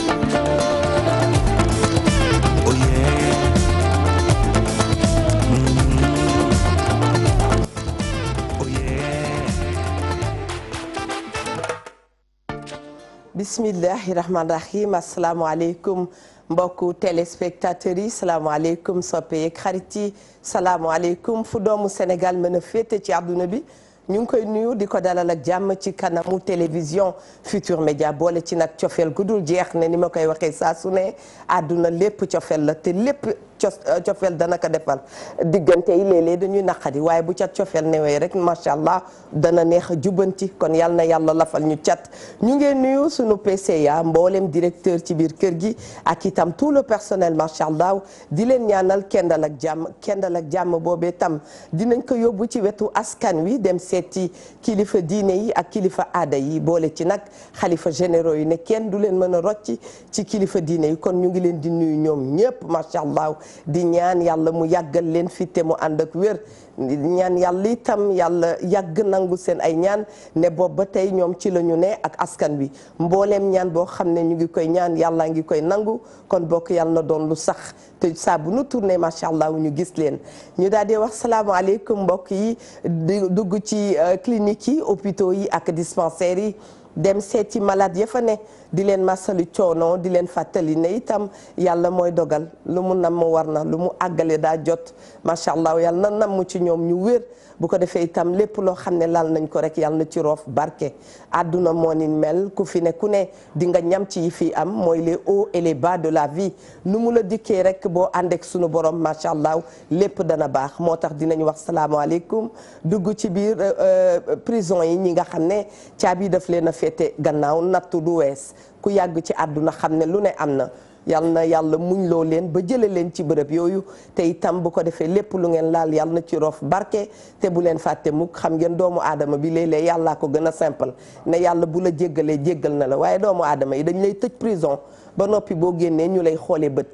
Oh oh bismillahi rahmaani rahim asalaamaaleykum mbokku téléspectateurs yi salaamaaleykum soppe yeeg xarit yi salaamaaleykum fu doomu Sénégal mën a féete ci àdduna bi ñu ngi koy nuyu di ko dalal ak jàmm ci kanamu télévision Futur Média boole ci nag cofeel gu dul jeex ne ni ma koy waxee saa su ne àdduna lépp cofeel la te lépp. cos euh, cofeel dana ko defal diggante yi léeg dañuy naqadi waaye bu cat cofeel newee rek macha allah dana neex a jubanti kon yal na yàlla lafal ñu cat ñu ngeen nuyu suñu PCA mboolem directeur ci biir kër gi ak itam tout le personnel macha allah di leen ñaanal kendal ak jàmm kendal ak jàmm boobee tam dinañ ko yóbbu ci wetu askan wi dem seeti kilifa diine yi ak kilifa aada yi boole ci nag xalifa généraux yi ne kenn du leen mën a rocc ci kilifa diine yi kon ñu ngi leen di nuyu ñoom ñëpp macha allah di ñaan yàlla mu yàggal leen fi te mu ànd ak wér ñaan yàlla itam yàlla yàgg nangu seen ay ñaan ne boobu ba tey ñoom ci la ñu ne ak askan wi mbooleem ñaan boo xam ne ñu ngi koy ñaan yàlla ngi koy nangu kon bokk yàlla na doon lu sax te saabu bu nu tourné macha allah ñu gis leen. ñu daal di wax salaamaaleykum mbokk yi dugg ci euh, clinique yi hôpitaux yi ak dispensaires yi dem seeti malade ya fa ne. di leen masalu coono di leen fàttali ne itam yàlla mooy dogal lu mu namm war na lu mu àggale daa jot macha allah yàlla na namm ci ñoom ñu wér bu ko defee itam lépp loo xam ne laal nañ ko rek yàlla na ci roof barke àdduna moo ni mel ku fi ne ku ne di nga ñam ci yi fii am mooy les hauts et les bas de la vie nu mu la dikkee rek boo àndek sunu borom macha allah lépp dana baax moo tax dinañu wax salaamaaleykum dugg ci biir euh, euh, prison yi ñi nga xam ne caabi daf leen a féete gannaaw nattu du wees ku yàgg ci àdduna xam ne lu ne am na yal na yàlla muñ loo leen ba jële leen ci bërëb yooyu te itam bu ko defee lépp lu ngeen laal yal na ci rof barke te bu leen fàtte mukk xam ngeen doomu aadama bi léeg yàlla yàllaa ko gën a simple ne yàlla bu la jéggalee jéggal na la waaye doomu aadama yi dañ lay tëj prison ba noppi boo génnee ñu lay xoolee bët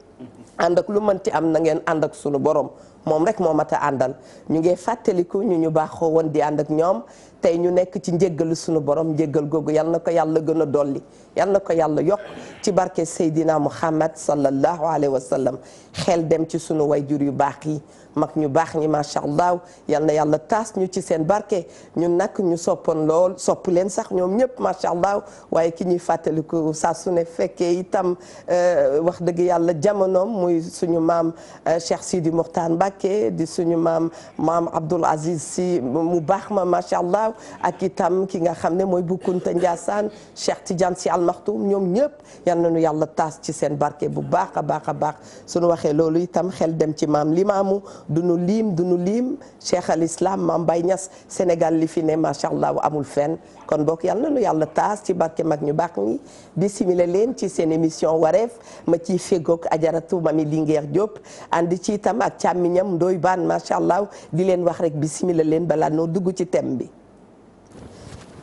ànd ak lu mënti am na ngeen ànd ak sunu borom moom rek moo mat a àndal ñu ngi fàttaliku ñu ñu baaxoo woon di ànd ak ñoom tey ñu nekk ci njéggalu sunu borom njéggal googu yal na ko yàlla gën a dolli yal na ko yàlla yokk ci barke Seydina Muhammad sallallahu alayhi wa sallam xel dem ci sunu jur yu baax yi mag ñu baax ñi macha allah yal na yàlla taas ñu ci seen barke ñun nag ñu soppoon lool sopp leen sax ñoom ñëpp macha allah waaye ki ñuy fàttaliku saa su ne fekkee itam euh, wax dëgg yàlla jamonoom muy suñu maam euh, Cheikh Sidi Mokhtar Mbacké di suñu maam maam Abdoul Aziz si mu baax ma macha allah ak itam ki nga xam ne mooy Boukounta Ndiassane Cheikh ti Sy Al Maktoum ñoom ñëpp yal nañu yàlla taas ci seen barke bu baax a baax a baax suñu waxee loolu itam xel dem ci maam Limaamu duñu liim duñu liim cheikh al islam maam Baye Sénégal li fi ne macha allah amul fenn kon bokk yàlla na nu yàlla taas ci barke mag ñu baax ñi bisimila leen ci seen émission wareef ma ciy feggoog ajaratu mami Linguère Diop ànd ci itam ak càmmiñam ndooy baan macha allah di leen wax rek bisimila leen balaa noo dugg ci thème bi.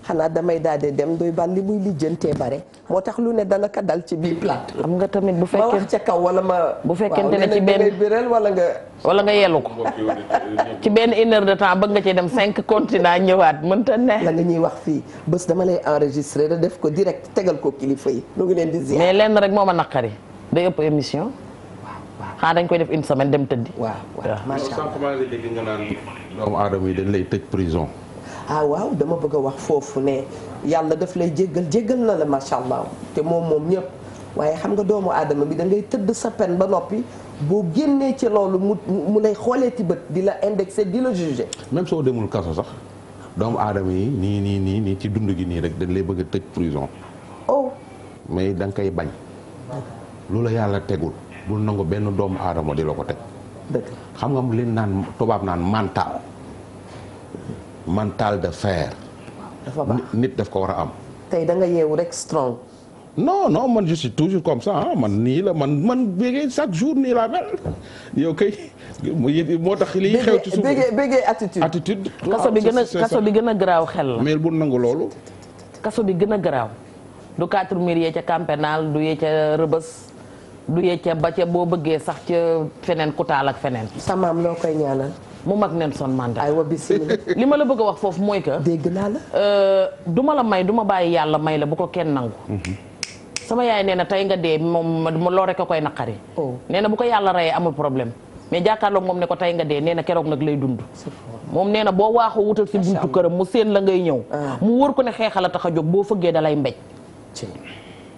xanaa damay daal di dem doy ban li muy lijjantee bare moo tax lu ne dana ka dal ci biir plate xam nga tamit bu fekkee ca kaw wala ma. bu fekkente ne ci benn wala nga. wala nga yelu ko ci benn une heure de temps bëgg nga cee dem cinq continent ñëwaat mënta ne. la nga ñuy wax fii bës dama lay enregistré da def ko direct tegal ko kilifa yi ñu lenn rek moo ma naqari day ëpp émission. xanaa dañ koy def une semaine dem tëddi. waaw waaw macha allah ah waaw dama bëgg a wax foofu ne yàlla daf lay jéggal jéggal na la macha allah te moom moom ñëpp waaye xam nga doomu aadama bi da ngay tëdd sa pen ba noppi boo génnee ci loolu mu mu lay xoolee ci bët di la indexé di la jugé. même soo demul kaso sax doomu aadama yi nii nii nii nii ci dund gi nii rek dañ lay bëgg tëj prison. oh. mais da nga koy bañ. lu la yàlla tegul bul nangu benn doomu aadama di la ko teg. dëgg xam nga leen naan tubaab naan mental. mental de fer. dafa baax nit daf ko war a am. tey da nga yeewu rek strong. non non man je toujours comme ça man nii la man man bégee chaque jour nii laa mel yow kay moo tax lii xew ci suuf bégee bégee attitude. attitude kaso bi gën a kaso bi gën a garaaw xel la. mais bu nangu loolu. kaso bi gën a garaaw. du 4000 yee ca camp pénal du yee ca rëbës. du yee ca ba ca boo bëggee sax ca feneen ku ak feneen. samaam loo koy ñaanal. mu mag Nelson Mandela. aywa bisimilah li ma la bëgg a wax foofu mooy que. dégg naa la. Euh, du ma la may du ma bàyyi yàlla may la bu ko kenn nangu. Mhm. sama yaay nee na tey nga dee moom ma loo rek a koy naqari. Oh. nee na bu ko yàlla reyee amul problème. mais jàkkaarloog moom ne ko tey nga dee nee na keroog nag lay dund. moom nee na boo waaxoo wutal si buntu këram mu seen la ngay ñëw. Ah. mu wër ko ne xeexal a tax a jóg boo fëggee da lay mbéj.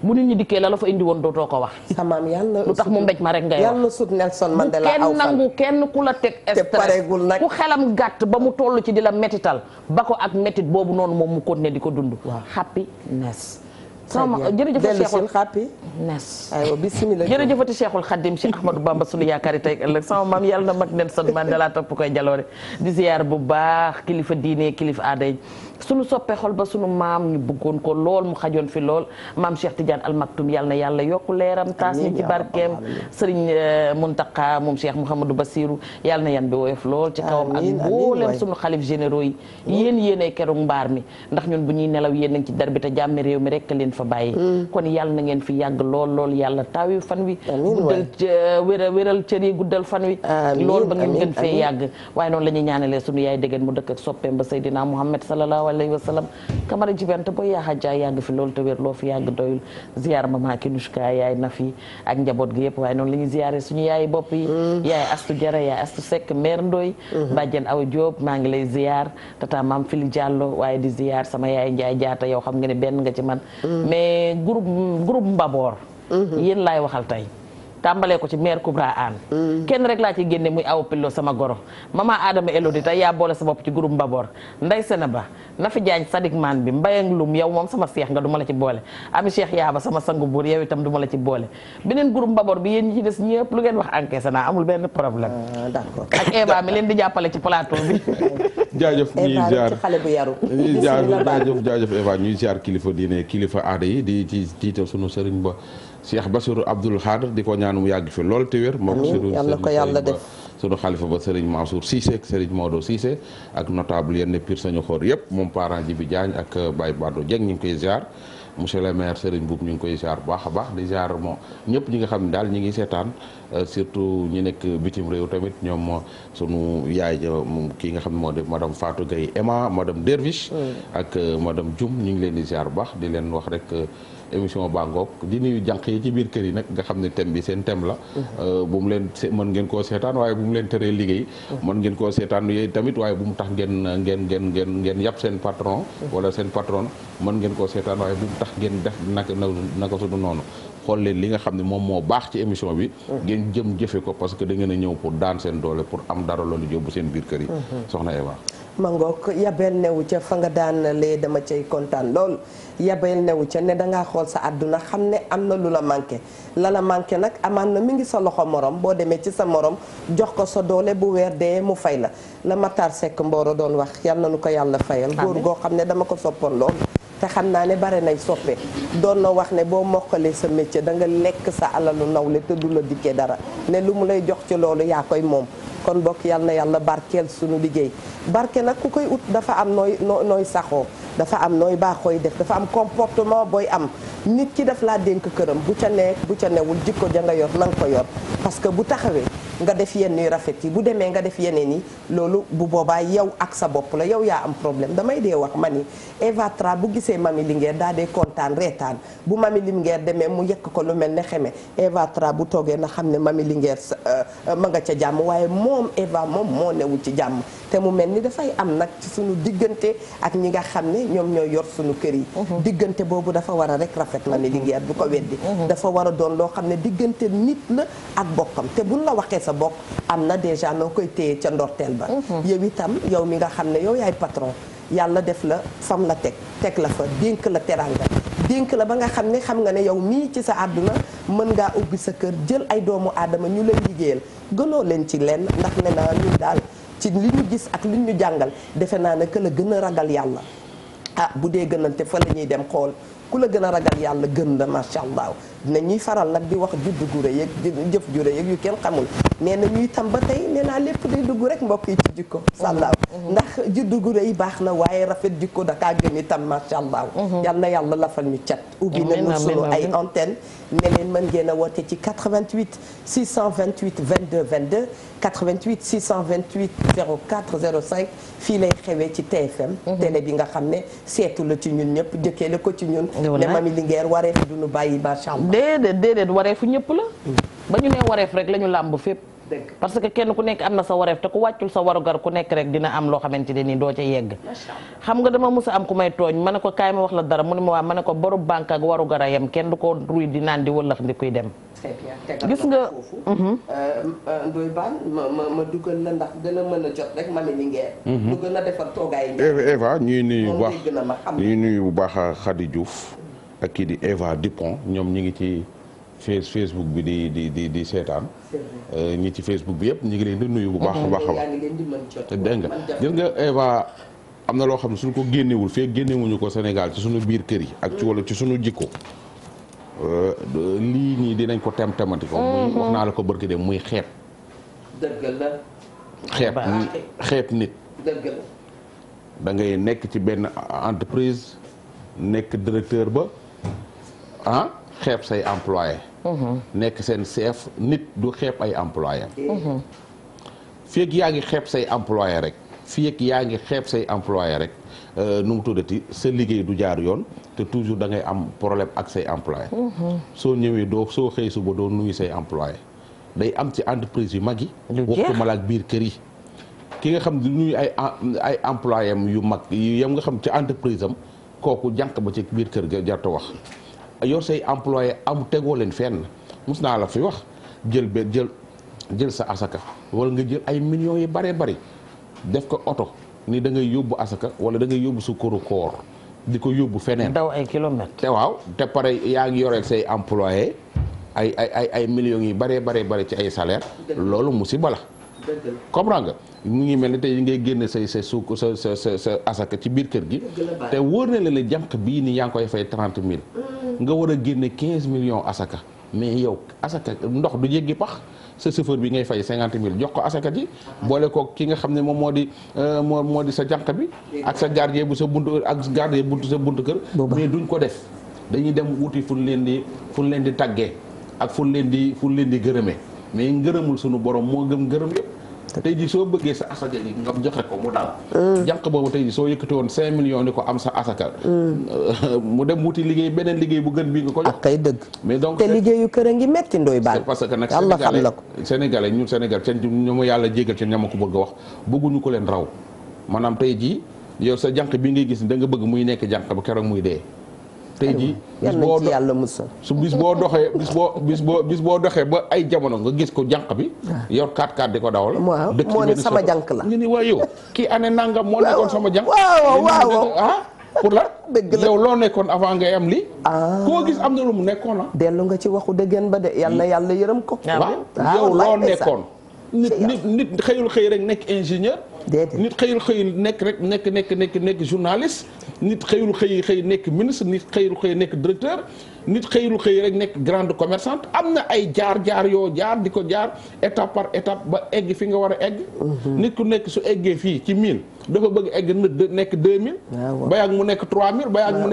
bu nit ñi dikkee la la fa indiwoon woon dootoo ko wax. samaam yàlla lu tax mu mbéj ma rek ngay wax yàlla sut Nelson Mandela aw fan kenn nangu kenn ku la teg. te pareegul nag ku xelam gàtt ba mu toll ci di la métital ba ko ak métit boobu noonu moom mu ne di ko dund. waaw happiness. sama jërëjëf Cheikhul xàppi nes aywa bismillah jërëjëfati Cheikhul Khadim si Ahmadou Bamba sunu yaakaari tey ëllëg sama maam yàlla na mag Nelson Mandela topp koy jaloore di ziyaar bu baax kilifa diine kilifa aaday sunu soppe xol ba sunu maam ñu bëggoon ko lool mu xajoon fi lool maam Cheikh Tidiane Al Maktoum yàlla na yàlla yokku leeram taas ñu ci barkeem Serigne eh, Mountakha moom Cheikh Mouhamadou Bassirou yàlla na yan bi woyof lool ci kawam ak mboolem sunu xalif généraux yi yéen yéenay keroog mbaar mi ndax ñun bu ñuy nelaw yéen a ci dar bi te jàmme réew mi rekk leen fa bàyyi hmm. kon yàlla na ngeen fi yàgg lool lool yàlla taawi fan wi guddal eh, wéral wéral cër yi guddal fan wi lool ba ngeen gën fee yàgg la ñuy ñaanalee sunu yaay dégeen mu dëkk alayhi wa sallam kamara jibante booy yaa xajja yàgg fi loolu te wér loo fi yàgg doyul ak njaboot gi yëpp waaye noonu la ñuy ziare suñu yaay bopp yi mm. yaay astu jara yaay astu sekk mère Ndoy aw maa ngi lay ziar tata maam Fili Diallo waaye di ziar sama yaay Njaay Jaata yow xam nga ne benn nga ci man mm. mais groupe groupe Mbabor mm-hmm. yéen laay waxal tey tàmbalee ko ci mère Kubra Anne. kenn rek laa ci génne muy aw pillo sama goro ma maman Adama di tey yaa boole sa bopp ci groupe Mbabor Ndey Senaba na fi jaañ sadik maan bi Mbayang lum yow moom sama seex nga duma la ci boole ami Cheikh Yaaba sama sangu buur yow itam du ma la ci boole beneen groupe mbaboor bi yéen ci des ñëpp lu ngeen wax encaissé naa amul benn problème. Ah, d'accord ak Eva mi leen di jàppale ci plateau bi. jaajëf ñuy ziar kilifa diine kilifa aada yi di ci tiital sunu sëriñ ba Cheikh Bassirou Abdoul Khadr di ko ñaan mu yàgg fi lool te wér. amiin yàlla yàlla def sunu xalifa ba Serigne Mansour Cissé ak Serigne Maodo Cissé ak notable yenn pir sañu xoor yëpp moom parent Djibi jaañ ak euh, baay Bado Dieng ñu ngi koy ziar. monsieur le maire Serigne Boub ñu ngi koy ziar baax a baax di ziar moo ñëpp ñi nga xam ne daal ñu ngi seetaan euh, surtout ñu nekk bitim réew tamit ñoom sunu yaay ja kii nga xam ne moo di madame Fatou Gueye Emma madame Derviche. Mm. ak euh, madame Dioum ñu ngi leen di ziar bu baax di leen wax rek. émission bangoog di nuyu jànq yi ci biir kër yi nga xam ne thème bi seen thème la euh, bu mu leen mën ngeen koo seetaan waaye bu mu tax ngeen naka sudu noonu xool leen li nga xam ne moom moo baax ci émission bi ngeen jëm jëfe ko parce que da ngeen a ñëw pour daan seen doole pour am dara loolu yóbbu seen biir kër mhm. soxna Eva ma ngoog yabeel newu ca fa nga daan lee dama cay kontaan lool yabeel newu ca ne dangaa xool sa àdduna xam ne am na lu la manqué la la manqué nag amaan na mi ngi sa loxo morom boo demee ci sa moroom jox ko sa doole bu weer dee mu fay la la Matar sekk Mboro doon wax yal na nu ko yàlla fayal góor goo xam ne dama ko soppoon lool te xam naa ne bare nay soppe doon na wax ne boo moqalee sa métier da nga lekk sa alalu nawle te du la dikkee dara ne lu mu lay jox ci loolu yaa koy moom kon bokk yàlla na yàlla barkeel sunu liggéey barke nag ku koy ut dafa am nooy nooy saxoo dafa am nooy baaxooy def dafa am comportement booy am nit ki def laa dénk këram bu ca nekk bu ca newul jikko ja nga yor na ko yor parce que bu taxawee nga def yenn yu rafet yi bu demee nga def yeneen yi loolu bu boobaa yow ak sa bopp la yow yaa am problème damay dee wax ma ni Eva Tra bu gisee Mami Linguère daa dee kontaan reetaan bu Mami Linguère demee mu yekk ko lu mel ne xeme Eva bu toogee na xam ne Mami Linguère euh, euh, ma nga ca jàmm waaye moom Eva moom moo newu ci jàmm te mu mel ni dafay am nag ci suñu diggante ak ñi nga xam ne ñoom ñooy yor suñu kër yi mhm. diggante boobu dafa war a rek rafet Mami Linguère du ko weddi mhm. dafa war a doon loo xam ne diggante nit la ak bokkam te la waxee sa bokk am na déjà loo koy téye ca ndorteel ba mhm. yow itam yow mi nga xam ne yow yaay patron yàlla def la fam la teg teg la fa dénk la teranga dénk la ba nga xam ne xam nga ne yow mii ci sa àdduna mën ngaa ubbi sa kër jël ay doomu aadama ñu lay liggéeyal gënoo leen ci lenn ndax ne naa ñun daal ci li ñu gis ak li ñu jàngal defe naa ne que la gën a ragal yàlla ah bu dee gënante fa la ñuy dem xool ku la gën a ragal yàlla gën la macha allah dina ñuy faral nag bi wax judd gu rëy ak jëf ju rëy ak yu kenn xamul mais na ñuy tam ba tey nee naa lépp day dugg rek mbokk yi ci jikko sàllaaw mhm, mhm. ndax judd gu yi baax na waaye rafet jikko dakaa gën itam macha allah mhm. yal na yàlla lafal ñu cat ubbi nañu sunu ay antenne ne leen mën ngeen a woote ci 88 628 vingt 22 88 628 04 05 fii lay xewee ci TFM. Mhm. télé bi nga xam ne seetu la ci ñun ñëpp jëkkee ko ci ñun. ne Linguère wareef du nu bàyyi macha allah. déedéet déedéet wareefu ñëpp la. Mm. ba ñu nee wareef rek la ñu làmb fépp. parce que kenn ku nekk am na sa wareef te ku wàccul sa warugar ku nekk rek dina am loo xamante ne nii doo ca yegg xam nga dama musa am ku may tooñ ma ne ko kaay ma wax la dara mu ne ma waa ma ne ko boru banque ak warugar a kenn du ko ruy di naan di wëllax ndi kuy dem gis nga mhm. euh, euh, Ndoye ndax gën a mën a jot rek ma ne ñu ngeer lu gën a defar Eva ñuy nuyu bu baax ñuy nuyu bu baax Khady Diouf ak kii di Eva Dupont ñoom ñi ngi ci face Facebook bi di di di di seetaan. Eh, ñi ci Facebook bi yëpp ñu ngi leen di nuyu bu baax a baax a nga gis Eva am na loo xam ne suñ ko génnewul fee génnewuñu ko Sénégal ci suñu biir kër yi. ak ci mm. wala ci suñu jikko. Eh, lii ñi dinañ ko tem temati ko. muy wax mm-hmm. naa la ko barki dem muy xeeb. dëgg nit. dëgg da ngay nekk ci benn entreprise nekk directeur ba ah xeeb say employé. nekk seen chef nit du xeeb ay emploi fii yaa ngi xeeb say employé rek fii ak yaa ngi xeeb say employé rek euh, nu mu tuddati sa liggéey du jaar yoon te toujours da ngay am problème ak say employé soo ñëwee doo soo xëy suba doo nuyu say employé day am ci entreprise yu mag yi biir kër yi ki nga xam di nuyu ay ay employé yu mag yam nga xam ci entreprise am kooku janq ba ci biir kër ga jarta wax yor say employé am tegoo leen fenn mus naa la fi wax jël be jël jël sa asaka wala nga jël ay millions yi baree bari def ko oto ni da ngay yóbbu asaka wala da ngay yóbbu sukkaru koor di ko yóbbu feneen. daw ay kilomètres. te waaw te pare yaa ngi yoreel say employé ay ay ay ay millions yi baree baree bari ci ay salaire loolu musiba la. comprendre nga mu ngi mel ni tey ngay génne say sa suuk sa sa sa asaka ci biir kër gi. te wóor na la ne jànq bii nii yaa ngi koy fay trente mille. nga war a génne 15 millions asaka mais yow asaka ndox du jéggi pax sa chauffeur bi ngay fay cinquante mille jox ko asaka ji boole ko ki nga xam ne moom moo di euh, moo moo di sa jànq bi ak sa gardien bu sa buntu ak gardien bu sa buntu kër mais duñ ko def dañuy dem wuti fu leen di fu leen di taggee ak fu leen di fu leen di gërëmee mais ngërëmul sunu borom moo gëm gërëm yëpp tey jii soo bëggee sa asaka ji joxe ko mu dal mm. jànq boobu tey jii soo yëkkati woon cinq millions ni ko am sa asaka mm. mu dem wuti liggéey beneen liggéey bu gën bii nga ko jox kay dëgg mais donc te liggéeyu kër a ngi metti ndoy baal parce que nag yàlla xam la ko sénégalais ñun sénégal ca ñoom yàlla jégal ca ñama ko bëgg a wax bëgguñu ko leen raw maanaam tey jii yow sa jànq bi ngay gis da nga bëgg muy nekk jànq ba keroog muy dee tey jii bis boo yàlla musal su bis boo doxee bis boo bis boo bis boo doxee ba ay jamono nga gis ko jànq bi ah. yor 4-4 di ko dawal dëkk moo ne sama jànq la nga ni waa yow kii année nangam moo nekkoon sama jànq waaw waaw ah pour la yow loo nekkoon avant ngay am li ah. koo gis am na lu mu nekkoon ah dellu nga ci waxu dëggeen ba de yàlla hmm. yàlla yërëm ko waaw ah, yow loo nekkoon nit xëyul xëy rek nekk ingénieur nit xëyul xëy nekk rek nekk nekk nekk nekk journaliste nit xëyul xëy xëy nekk ministre nit xëyul xëy nekk directeur nit xëyul xëy rek nekk grande commerçante am na ay jaar jaar yoo jaar di ko jaar étape par étape ba egg fi nga war a egg. Mhm. nit ku nekk su eggee fii ci 1000 dafa bëgg egg na nekk 2000. Ah, waaw ba yàgg mu nekk 3000 ba yàgg mu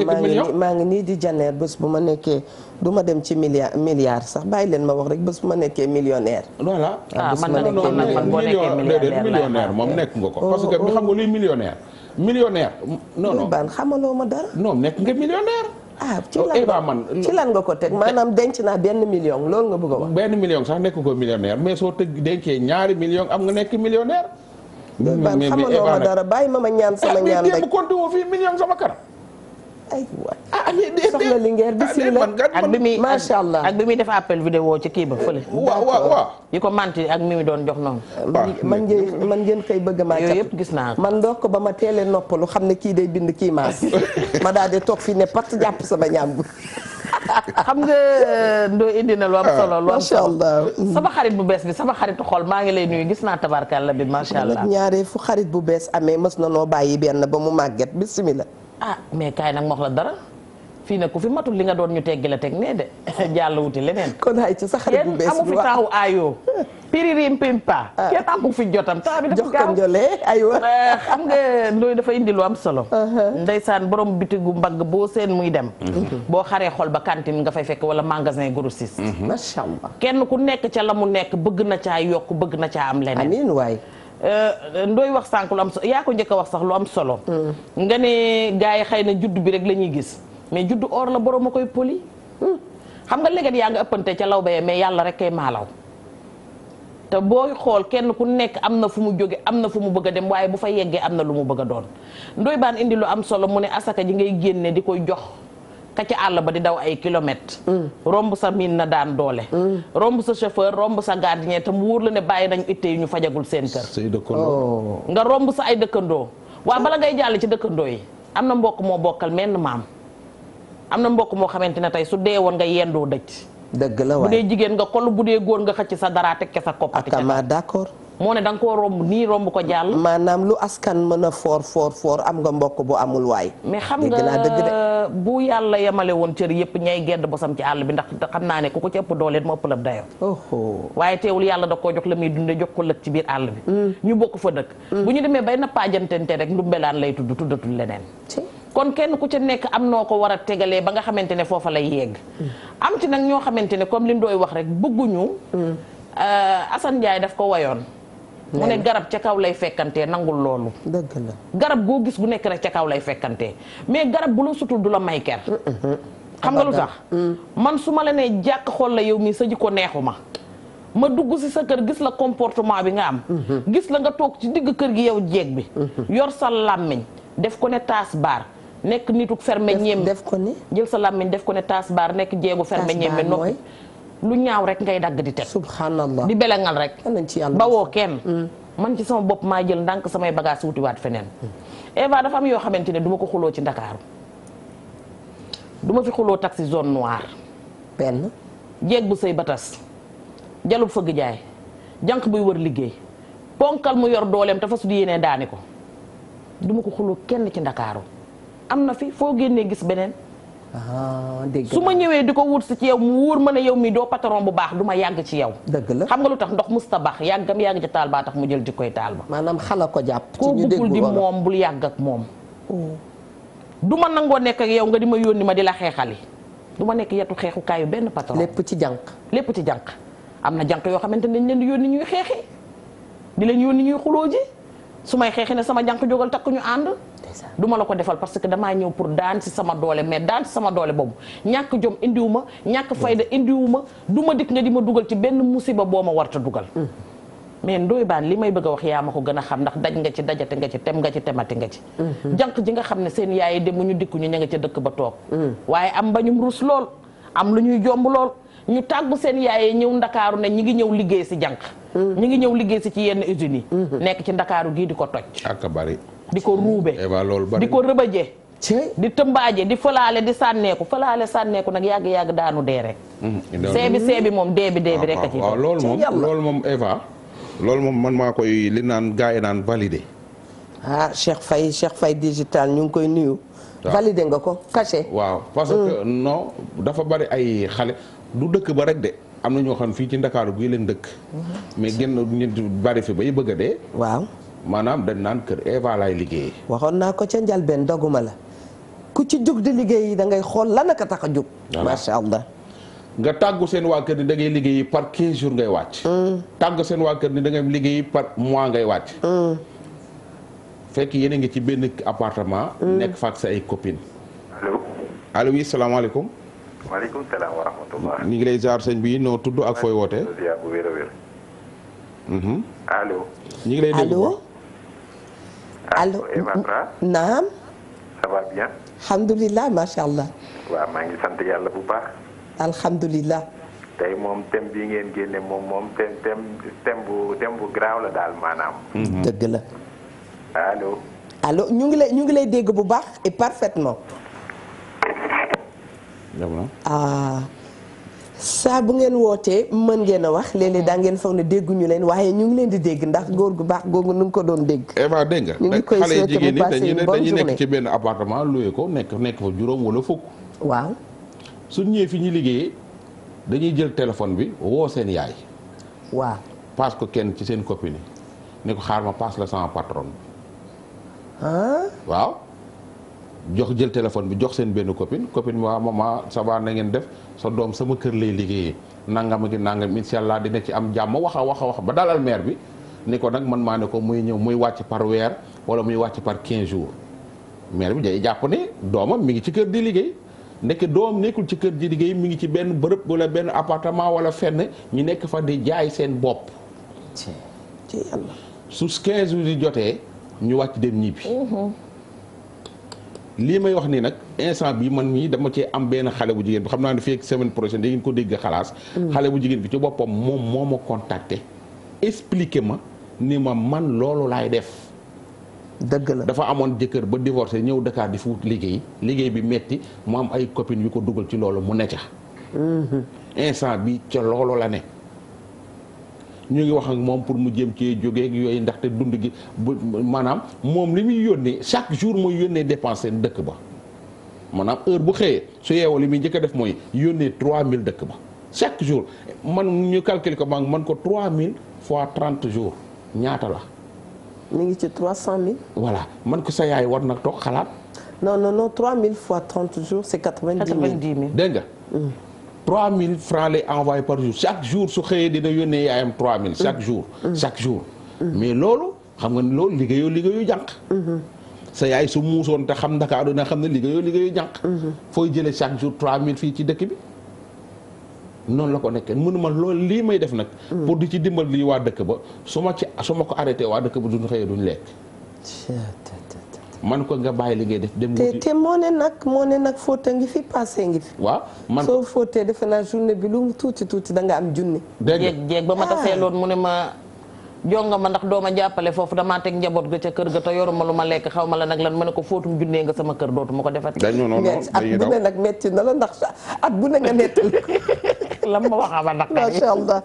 maa ngi nii di janeer bés bu ma nekkee du ma dem ci milliard milliard sax bàyyi leen ma wax rek bés bu ma nekkee millionnaire. voilà ah, ah man nag noonu nag man boo nekkee millionnaire moom nekk nga ko. parce que oh, xam nga luy millionnaire. millionnaire non non. ban xamaloo ma dara. non nekk nga millionnaire. ah ci oh, lan eh, ci lan nga ko teg maanaam denc naa benn million loolu nga bëgg a wax. benn million sax nekk ko millionnaire mais soo tëgg dencee ñaari million am nga nekk millionnaire. mais mais mais eh, ma dara bàyyi ma ma ñaan sama ñaan rek. ah mais jéem compte woo ay ah, ah, soxla Linguère ah, bisimilah ak bi muy macha allah ak bi muy def appel vidéo ci kii ba fële. yi ko manti ak mi doon jox noonu. man ngeen man bëgg ma yooyu yëpp gis naa man ndox ko ba ma teelee noppalu xam ne kii day bind kii maas ma daal di toog fii ne pat jàpp sama ñàmb. xam nga euh, ndoo indi na lu am solo lu am sama xarit bu bees bi sama xaritu xol maa ngi lay nuyu gis naa tabarkalla bi macha allah. ñaare fu xarit bu bees amee mës na noo bàyyi benn ba mu màgget bisimilah. ah mais kaay nag ma la dara fii nag ku fi matul li nga doon ñu teggi la teg nee de jàll wuti leneen. kon ay ci sa amu fi taawu aayoo. piririm pimpa. Ah. kenn amu fi jotam taa bi dafa eh, xam nga loolu dafa indi lu am solo. Uh-huh. ndeysaan borom bitigu mbagg boo seen muy dem. Uh-huh. boo xaree xol ba cantine nga fay fekk wala magasin grossiste. Uh-huh. macha allah kenn ku nekk ca la mu nekk bëgg na caa yokk bëgg na caa am leneen. amiin waay. Euh, ndooy wax sànq lu am solo yaa ko njëkk a wax sax lu am solo. Mm. nga ne gars yi xëy na juddu bi rek la ñuy gis mais judd or la borom a koy poli. Mm. xam nga légat yaa nga ëppante ca law ba mais yàlla rek kay maalaw. te boo xool kenn ku nekk am na fu mu jógee am na fu mu bëgg a dem waaye bu fa yeggee am na lu mu bëgg a doon ndoy baan indi lu am solo mu ne asaka ji ngay génne di koy jox ka ca àll ba di daw ay kilomètres. Mm. romb sa miin na daan doole. Mm. romb sa chauffeur romb sa gardien te mu la ne bàyyi nañ it yu ñu fajagul seen kër. say dëkkandoo oh. nga romb sa ay dëkkandoo. waa bala ngay jàll ci dëkkandoo yi am na mbokk moo bokkal menn maam am na mbokk moo xamante ne tey su dee woon nga yendoo dëj. dëgg la waay bu dee jigéen nga kol bu dee góor nga xëcc sa dara teg ca sa koppati. ak ma d'accord. moo ne da nga koo romb nii romb ko jàll. maanaam lu askan mën a foor foor foor am nga mbokk bu amul waaye mais xam nga bu yàlla yemale woon cër yëpp ñay gedd bosam ci àll bi ndax xam naa ne ku ko ci ëpp dooleet ma ëpp la dayo waaye teewul yàlla da koo jox la muy dunde jox ko lëg ci biir àll bi. Mm. ñu bokk fa dëkk. Mm. bu ñu demee bay na paajantente rek belaan lay tudd tuddatul leneen. kon kenn ku ca nekk am noo ko war a tegalee ba nga xamante ne foofa lay yegg. Mm. am nag ñoo xamante ne comme li ndooy wax rek bëgguñu. Euh, Assane Ndiaye daf ko wayoon. mu ne garab ca kaw lay fekkantee nangul loolu dëgg la garab goo gis gu nekk rek ca kaw lay fekkante mais garab bu la sutul du la may ker mm, mm, mm. xam nga lu tax man su ma la nee jàkk xool la yow mii sa jikko neexu ma ma dugg si sa kër gis la comportement bi nga am gis la nga toog ci digg kër gi yow jeeg bi yor sa làmmiñ def ko ne taas baar nekk nituk ferme ñeem def ko ni jël sa làmmiñ def ko ne taas baar nekk jeegu ferme ñeem noppi lu ñaaw rek ngay dagg di teg. subhanallah di belengal rek. bawoo kenn. Mm. man ci sama bopp maa jël ndànk samay bagages wutiwaat feneen. Mm. Eva dafa am yoo xamante ne duma ko xuloo ci Ndakaaru du fi xuloo taxi zone noire. benn. jeeg bu sëy batas jalub fëgg jaay jànq buy wër liggéey ponkal mu yor dooleem te fas yéenee daani ko du ko xuloo kenn ci Ndakaaru am na fi foo génnee gis beneen. su ma ñëwee di ko wut si ci yow mu wóor ma a yow mi doo patron bu baax du ma yàgg ci yow dëgg la xam nga lu tax ndox musta baax yàggam yàgg ci taal baa tax mu jël jikkoy taal ba maanaam xala ko jàpp koo bëggul di moom bul yàgg ak moom oh. du ma nangoo nekk ak yow nga di ma yónni ma di la xeexali du ma nekk yetu xeexukaayu benn patron lépp ci jànq lépp ci jànq am na jànq yoo xamante ne dañ leen di yónni ñuy xeexee di leen yónni ñuy xuloo ji su may xeexi ne sama jànq jógal takk ñu ànd du la ko defal parce que damaa ñëw pour daan si sama doole mais daan si sama doole boobu ñàkk jom indiwu ma ñàkk fayda indiwu ma du ma dikk nga di ma dugal ci benn musiba boo ma warta dugal mm. mais ndoy baan li may bëgg a wax yaa ma ko gën a xam ndax daj nga ci dajate nga ci tem nga ci temati nga ci mm-hmm. jànq ji nga xam ne seen yaay yi demuñu dikkuñu ña nga ca dëkk ba toog mm. waaye am bañum rus lool am lu ñuy jomb lool ñu tàggu seen yaayee ñëw ndakaaru ne ñu ngi ñëw liggéey si jànq mm-hmm. ñu ngi ñëw liggéey si ci yenn usines mm-hmm. nekk ci ndakaaru gii di ko toj ak bari di ko ruube eh, di ko rëbëje di tëmbaaje di fëlaale di sànneeku fëlaale sànneeku nag yàgg-yàgg daanu dee rek mm-hmm. seebi seebi moom dee bi dee bi rek a ah, ci waaw ah, ah, loolu moom loolu moom Eva loolu moom man maa koy li naan gaa yi naan validé ah Cheikh Faye Cheikh Faye digital ñu ngi koy nuyu validé nga ko caché waaw parce que mm. no dafa bari ay xale du dëkk ba rek de am na ñoo xam fii ci ndakaaru bii leen dëkk. mais génn ñu bari fi bay bëgg a dee. waaw maanaam dañ naan kër Eva laay liggéey waxoon naa ko ca njalbeen doguma la ku ci jóg di liggéey da ngay xool lan a tax a jóg. macha allah. nga tàggu seen waa kër ni da liggéey par 15 jours ngay wàcc. Mm. tàggu seen waa kër ni da ngay liggéeyi par mois ngay wàcc. Mm. fekk yéen a ngi ci benn appartement. Mm. nekk fa ak sa ay copines. allo allo oui salaamaaleykum. maaleykum salaam wa ñu ngi lay ziar sëñ bi noo tudd ak fooy wootee. ziar bu wér a ngi lay dégg allo. Ah, allo Eva eh, Tra. naam. ça va maa ngi sant yàlla bu baax. alhamdulilah. tey moom thème bi ngeen génne moom moom thème thème bu thème la daal maanaam. Mhm. dëgg la. allo. allo ñu ngi lay ñu ngi lay dégg bu baax et parfaitement. ah saa bu ngeen wootee mën ngeen a wax léeg-léeg daa ngeen foog ne dégguñu leen waaye ñu ngi leen di dégg ndax góor gu baax googu nu ngi ko doon dégg. Eva dégg nga ñu ngi koy souhaité bu passé une bonne journée dañuy nekk benn appartement loué ko nekk nekk fa juróom wala fukk. waaw. suñ ñëwee fi ñu liggéeyee dañuy jël téléphone bi woo seen yaay. waa paas ko kenn ci seen copine ne ko xaar ma paas la sama patron bi. Ah. waaw. jox jël téléphone bi jox seen benn copine copine bi waaw maman ça ngeen def sa doom sama kër lay liggéeyee nangam gi nangam incha allah dina ci am jàmm wax a wax a wax ba dalal maire bi ni ko nag man maa ne ko muy ñëw muy wàcc par weer wala muy wàcc par quinze jours maire bi day jàpp ne doomam mi ngi ci kër di liggéey nekk doom nekkul ci kër di liggéey mi ngi ci benn bërëb wala benn appartement wala fenn ñu nekk fa di jaay seen bopp. ci yàlla su 15 jotee ñu wàcc dem lii may wax nii nag instant bi man mii dama cee am benn xale bu jigéen bi xam naa ne fii ak semaine da ngeen ko dégg xalaas. Mm. xale bu jigéen bi ci boppam moom moo ma contacté expliqué ma ni ma man loolu laay def. dëgg la dafa amoon jëkkër ba divorcé ñëw Dakar di fi wut liggéey liggéey bi metti mu am ay copines yu ko dugal ci loolu mu ne ca. Mm-hmm. instant bi ca loolu la ne. ñu ngi wax ak moom pour mu jéem cee jógee ak yooyu ndaxte dund gi bu maanaam moom li muy yónnee chaque jour mooy yónnee dépensé dëkk ba maanaam heure bu xëyee su yeewoo li muy njëkk a def mooy yónnee 3000 dëkk ba chaque jour man ñu calculer ko man man ko 3000 fois 30 jours ñaata la. mi ngi ci 300000. voilà man ko sa yaay war nag toog xalaat. non non non 3000 fois 30 jours c'est 90 000 90 000 dégg nga. Mm. 3000 francs lay envoyé par jour chaque jour su xëyee dina yónnee yaayam 3000. Mm. Mm. chaque jour chaque mm. jour. mais loolu xam nga loolu liggéeyoo liggéeyu jànq. Mm-hmm. sa yaay su muusoon te xam Ndakaaru dina xam ne liggéeyoo liggéeyu jànq. Mm-hmm. fooy jëlee chaque jour trois mille fii ci dëkk bi. noonu la ko nekkee mënuma loolu lii may def nag. pour di ci dimbal lii waa dëkk ba su ma ci su ma ko arrêté waa dëkk ba duñ xëyee duñ lekk. man ko nga bàyyi li ngay dem wuti te te moo ne nag moo ne nag fóote ngi fi passé ngi fi. waaw man soo fóotee defe naa journée bi lu tuuti tuuti da nga am junni. dégg jeeg ba ma ah. tasee loon mu ne ma. jonga ma ndax doo ma jàppale foofu damaa teg njaboot ga ca kër ga te yoruma lu ma lekk xaw ma la nag lan ma ne ko fóotum junnee nga sama kër dootuma ko defati. dañu noonu at bu ne nag metti na la ndax at bu ne nga nettali ko. lan ma wax ama nag. macha allah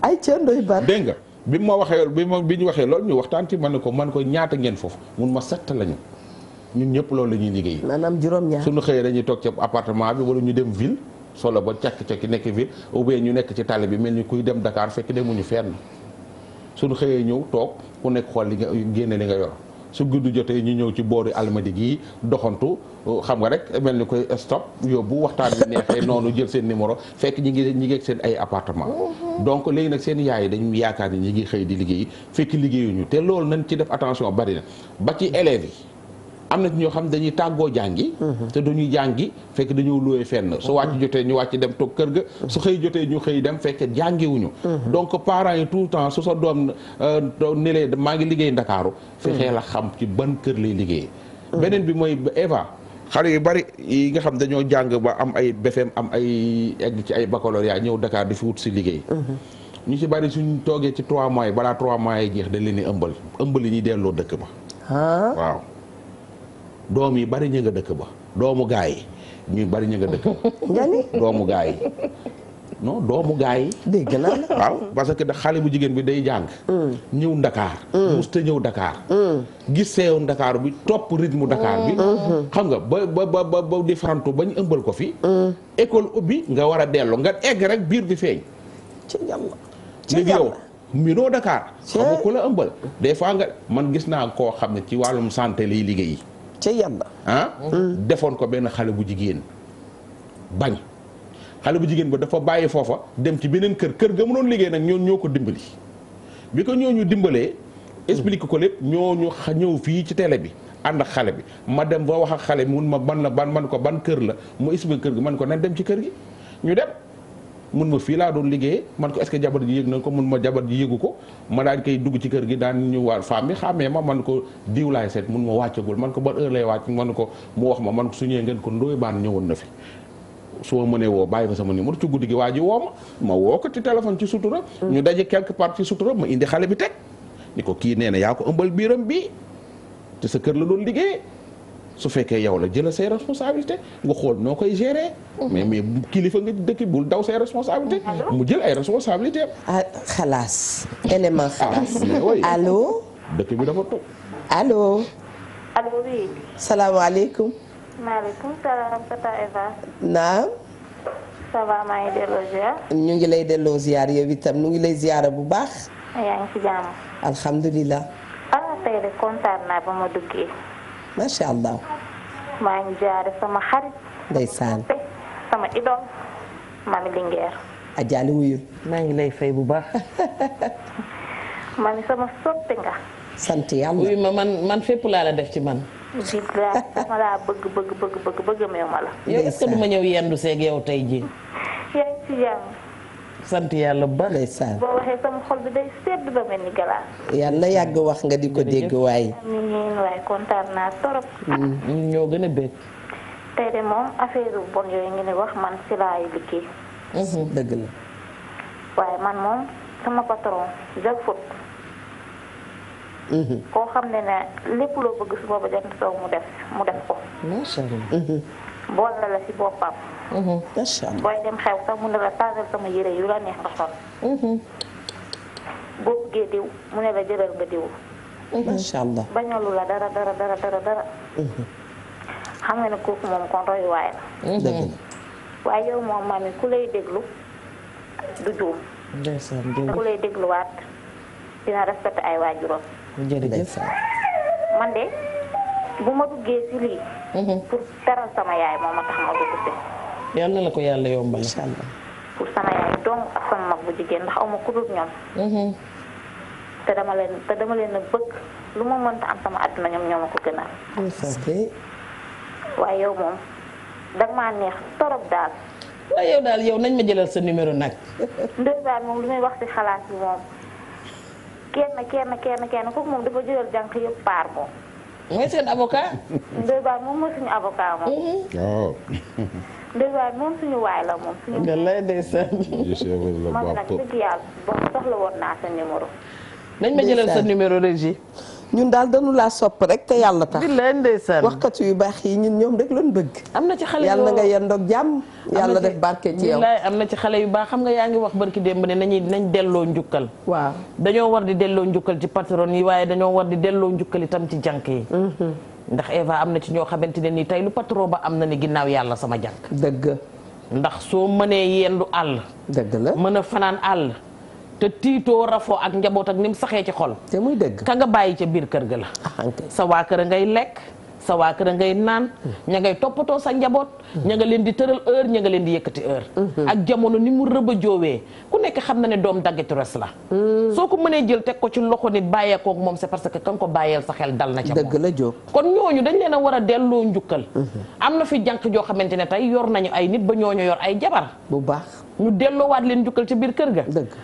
ay ca ndoy bar. dégg bi ma waxee bi ma bi ñu waxee loolu ñu waxtaan ci man ne ko man ko ñaata ngeen foofu mun ma sett lañu. ñun ñëpp loolu la ñuy liggéey. maanaam juróom-ñaar suñu xëyee dañuy toog ci appartement bi wala ñu dem ville. solo ba càkk-càkk nekk ville ou ñu nekk ci tali bi mel ni kuy dem Dakar fekk demuñu fenn suñu xëyee ñëw toog ku nekk xool li nga génne li nga yor. su gudd jotee ñu ñëw ci boori almadi gi doxantu xam nga rek mel ni koy stop bu waxtaan bi neexee noonu jël seen numéro fekk ñi ngi ñi ngi seen ay appartement mhm. donc léegi nag seen yaay dañu yaakaar ni ñi ngi xëy di liggéey fekk liggéeyuñu te loolu nañ ci def attention bari na ba ci élèves am na ci ñoo xam dañuy tàggoo jàngi mhm. te duñuy jàngi fekk dañoo looyee fenn mhm. su wàcc jotee ñu wàcc dem toog kër ga su xëy jotee ñu xëy dem fekk jàngiwuñu mhm. donc parents yi tout le temps su sa doom euh, ne lee maa ngi liggéey Ndakaaru fexee la xam ci ban kër lay liggéeyee beneen bi mooy Eva xale yu bari yi nga xam dañoo jàng ba am ay BFEM am ay egg ci ay baccalauréat ñëw Dakar di fi wut si liggéey ñu ci bari suñ toogee ci trois mois balaa trois mois yi jeex dañ leen di ëmbal ëmbal yi ñuy delloo dëkk ba ah. waaw doom yi bari ñu nga dëkk ba doomu gaa yi ñu bari ñu nga dëkk ba doomu gaa yi non doomu gaa yi dégg naa waaw parce que xale bu jigéen bi day jàng mm. ñëw Dakar mm. musta ñëw Dakar mm. gis seewoon Dakar bi topp rythme Dakar bi mm-hmm. xam nga ba ba ba ba différentu ba ñu ëmbal ko fi école ubbi nga war a dellu nga egg rek biir bi feeñ ci yàlla ci yow minoo Dakar xam nga ku la ëmbal des fois nga man gis naa koo xam ne ci wàllum santé lay liggéey ca yàlla ah defoon ko benn xale bu jigéen bañ xale bu jigéen ba dafa bàyyi foofa dem ci beneen kër kër ga mu doon liggéey nag ñoon ñoo ko dimbali bi ko ñu dimbalee explique ko lépp ñu ñëw fii ci télé bi ànd xale bi ma dem ba wax ak xale bi mun ma ban la ban man ko ban kër la mu explique kër gi man ko nañ dem ci kër gi ñu dem mun ma fii laa doon liggéey man ko est-ce que jabar ji yëg na ko mun ma jabar ji yëgu ko ma daan koy dugg ci kër gi daan ñu waar femme bi xàmmee ma man ko diw laay seet mun ma wàccagul man ko ban heure lay wàcc ko mu wax ma man ko su ñëwee fi su ma woo bàyyi ma sama numéro ci guddi gi waa ji woo ma woo ko ci téléphone ci sutura ñu daje quelque part ci sutura ma indi xale bi teg ni ko kii nee na yaa ko ëmbal biiram bi te sa kër la doon liggéey su fekkee yow la jëlal say responsabilité nga xool noo koy gérer. Mhm. mais mais kilifa nga dëkk bul daw say responsabilité mhm. mu jël ay responsabilité ah xalaas. élément ah, xalaas. allo. dëkk bi dafa toog. allo. allo ngi lay delloo ziar yow itam ñu ngi lay ziara bu baax. yaa ah tey de naa ba ma duggee. macha allah. maa ngi jaare sama xarit. ndeysaan sama idol mami Linguère. ajaali wuyu. maa ngi lay fay bu baax. mami sama soppe nga. sant yàlla wuyu ma man man fépp laa la def ci man. bëgg bëgg bëgg bëgg bëgg meew ma la. yow est-ce que du ma ñëw yendu seeg yow tey jii. yaa ngi sant yàlla ba lay saan boo waxee sama xol bi day sedd ba mel ni galaas yàlla yàgg wax nga di ko dégg waaye am waaye kontaan naa torop mm, ñoo gën a bëgg tey de moom affaire bon yooyu ngeen di wax man si laay liggéey mhm, dëgg la waaye man moom sama patron jag fut mhm. koo xam ne na lépp loo bëgg suba ba jant soow mu def mu def ko macha allah mhm. boole la ci boppam. Mhm. macha booy dem xew sax mu ne la tàggal sama yére yu la neex nga sol. Mhm. boo bëggee diw mu ne la jëlal nga diw. Mhm. macha allah bañalu la dara dara dara xam nga ne kooku moom kon royuwaay la. dëgg waaye yow moom mami ku lay déglu du juum. ndeysaan ku lay dégluwaat dina respecté ay waajuram. jërëjëf man de. bu ma duggee si lii. Mhm. pour teral sama yaay moo ma tax ma dugg si. yal na la ko yàlla yombal. pour sama yaay dong ak sama mag bu jigéen ndax aw ma ku dul ñoom. Mhm. te dama leen te dama leen bëgg lu ma mënta am sama àdduna ñoom ñoo ma ko gënal. waaye yow moom da ma neex torop daal. waaye ah, yow daal yow nañ ma jëlal sa numéro nag. Ndoye Bane moom lu muy wax ci xalaat bi moom kenn kenn kenn kenn kooku moom dafa jëlal jànq yépp paar moom. mooy seen avocat. Ndoye Ba moom mooy suñu avocat moom. waaw. Ndoye Ba moom suñu waay la moom. suñu waay lay ndeysaan. man nag dëgg yàlla boo soxla woon naa sa numéro. nañ ma jëlal sa numéro régie. ñun daal dañu laa sopp rek te yàlla tax billaay ndeysaan waxkatu yu baax yi ñun ñoom rek lañ bëgg am na ci xale yàlla na nga yendoog jàmm yàlla def barke ci yow am na ci xale yu baax xam nga yaa ngi wax barki démb ne nañuy nañ delloo njukkal waaw dañoo war di delloo njukkal ci patron yi waaye dañoo war di delloo njukkal itam ci jànk yi mhm. ndax Eva am na ci ñoo xamante ne nii tey lu patron ba am na ni ginnaaw yàlla sama jànk dëgg ndax soo mënee yendu àll dëgg la mën a fanaan àll te tiitoo rafoo ak njaboot ak ni mu saxee ci xol. te muy dëgg ka nga bàyyi ca biir kër ga la. Ah, sa waa kër ngay lekk. sa waa kër ngay naan ña ngay toppatoo sa njaboot ña nga leen di tëral heure ña nga leen di yëkkati heure mhm. ak jamono ni mu rëb a joowee ku nekk xam na ne doom daggitu res la mhm. soo ko mënee jël teg ko ci loxo nit kook moom c'est parce que ka ko bàyyeel sa xel dal na ca moom dëgg la jóg kon ñooñu dañ leen a war a delloo njukkal mhm. am na fi jànq joo xamante ne tey yor nañu ay nit ba ñooñu yor ay jabar bu ñu delloowaat leen jukkal ci biir kër ga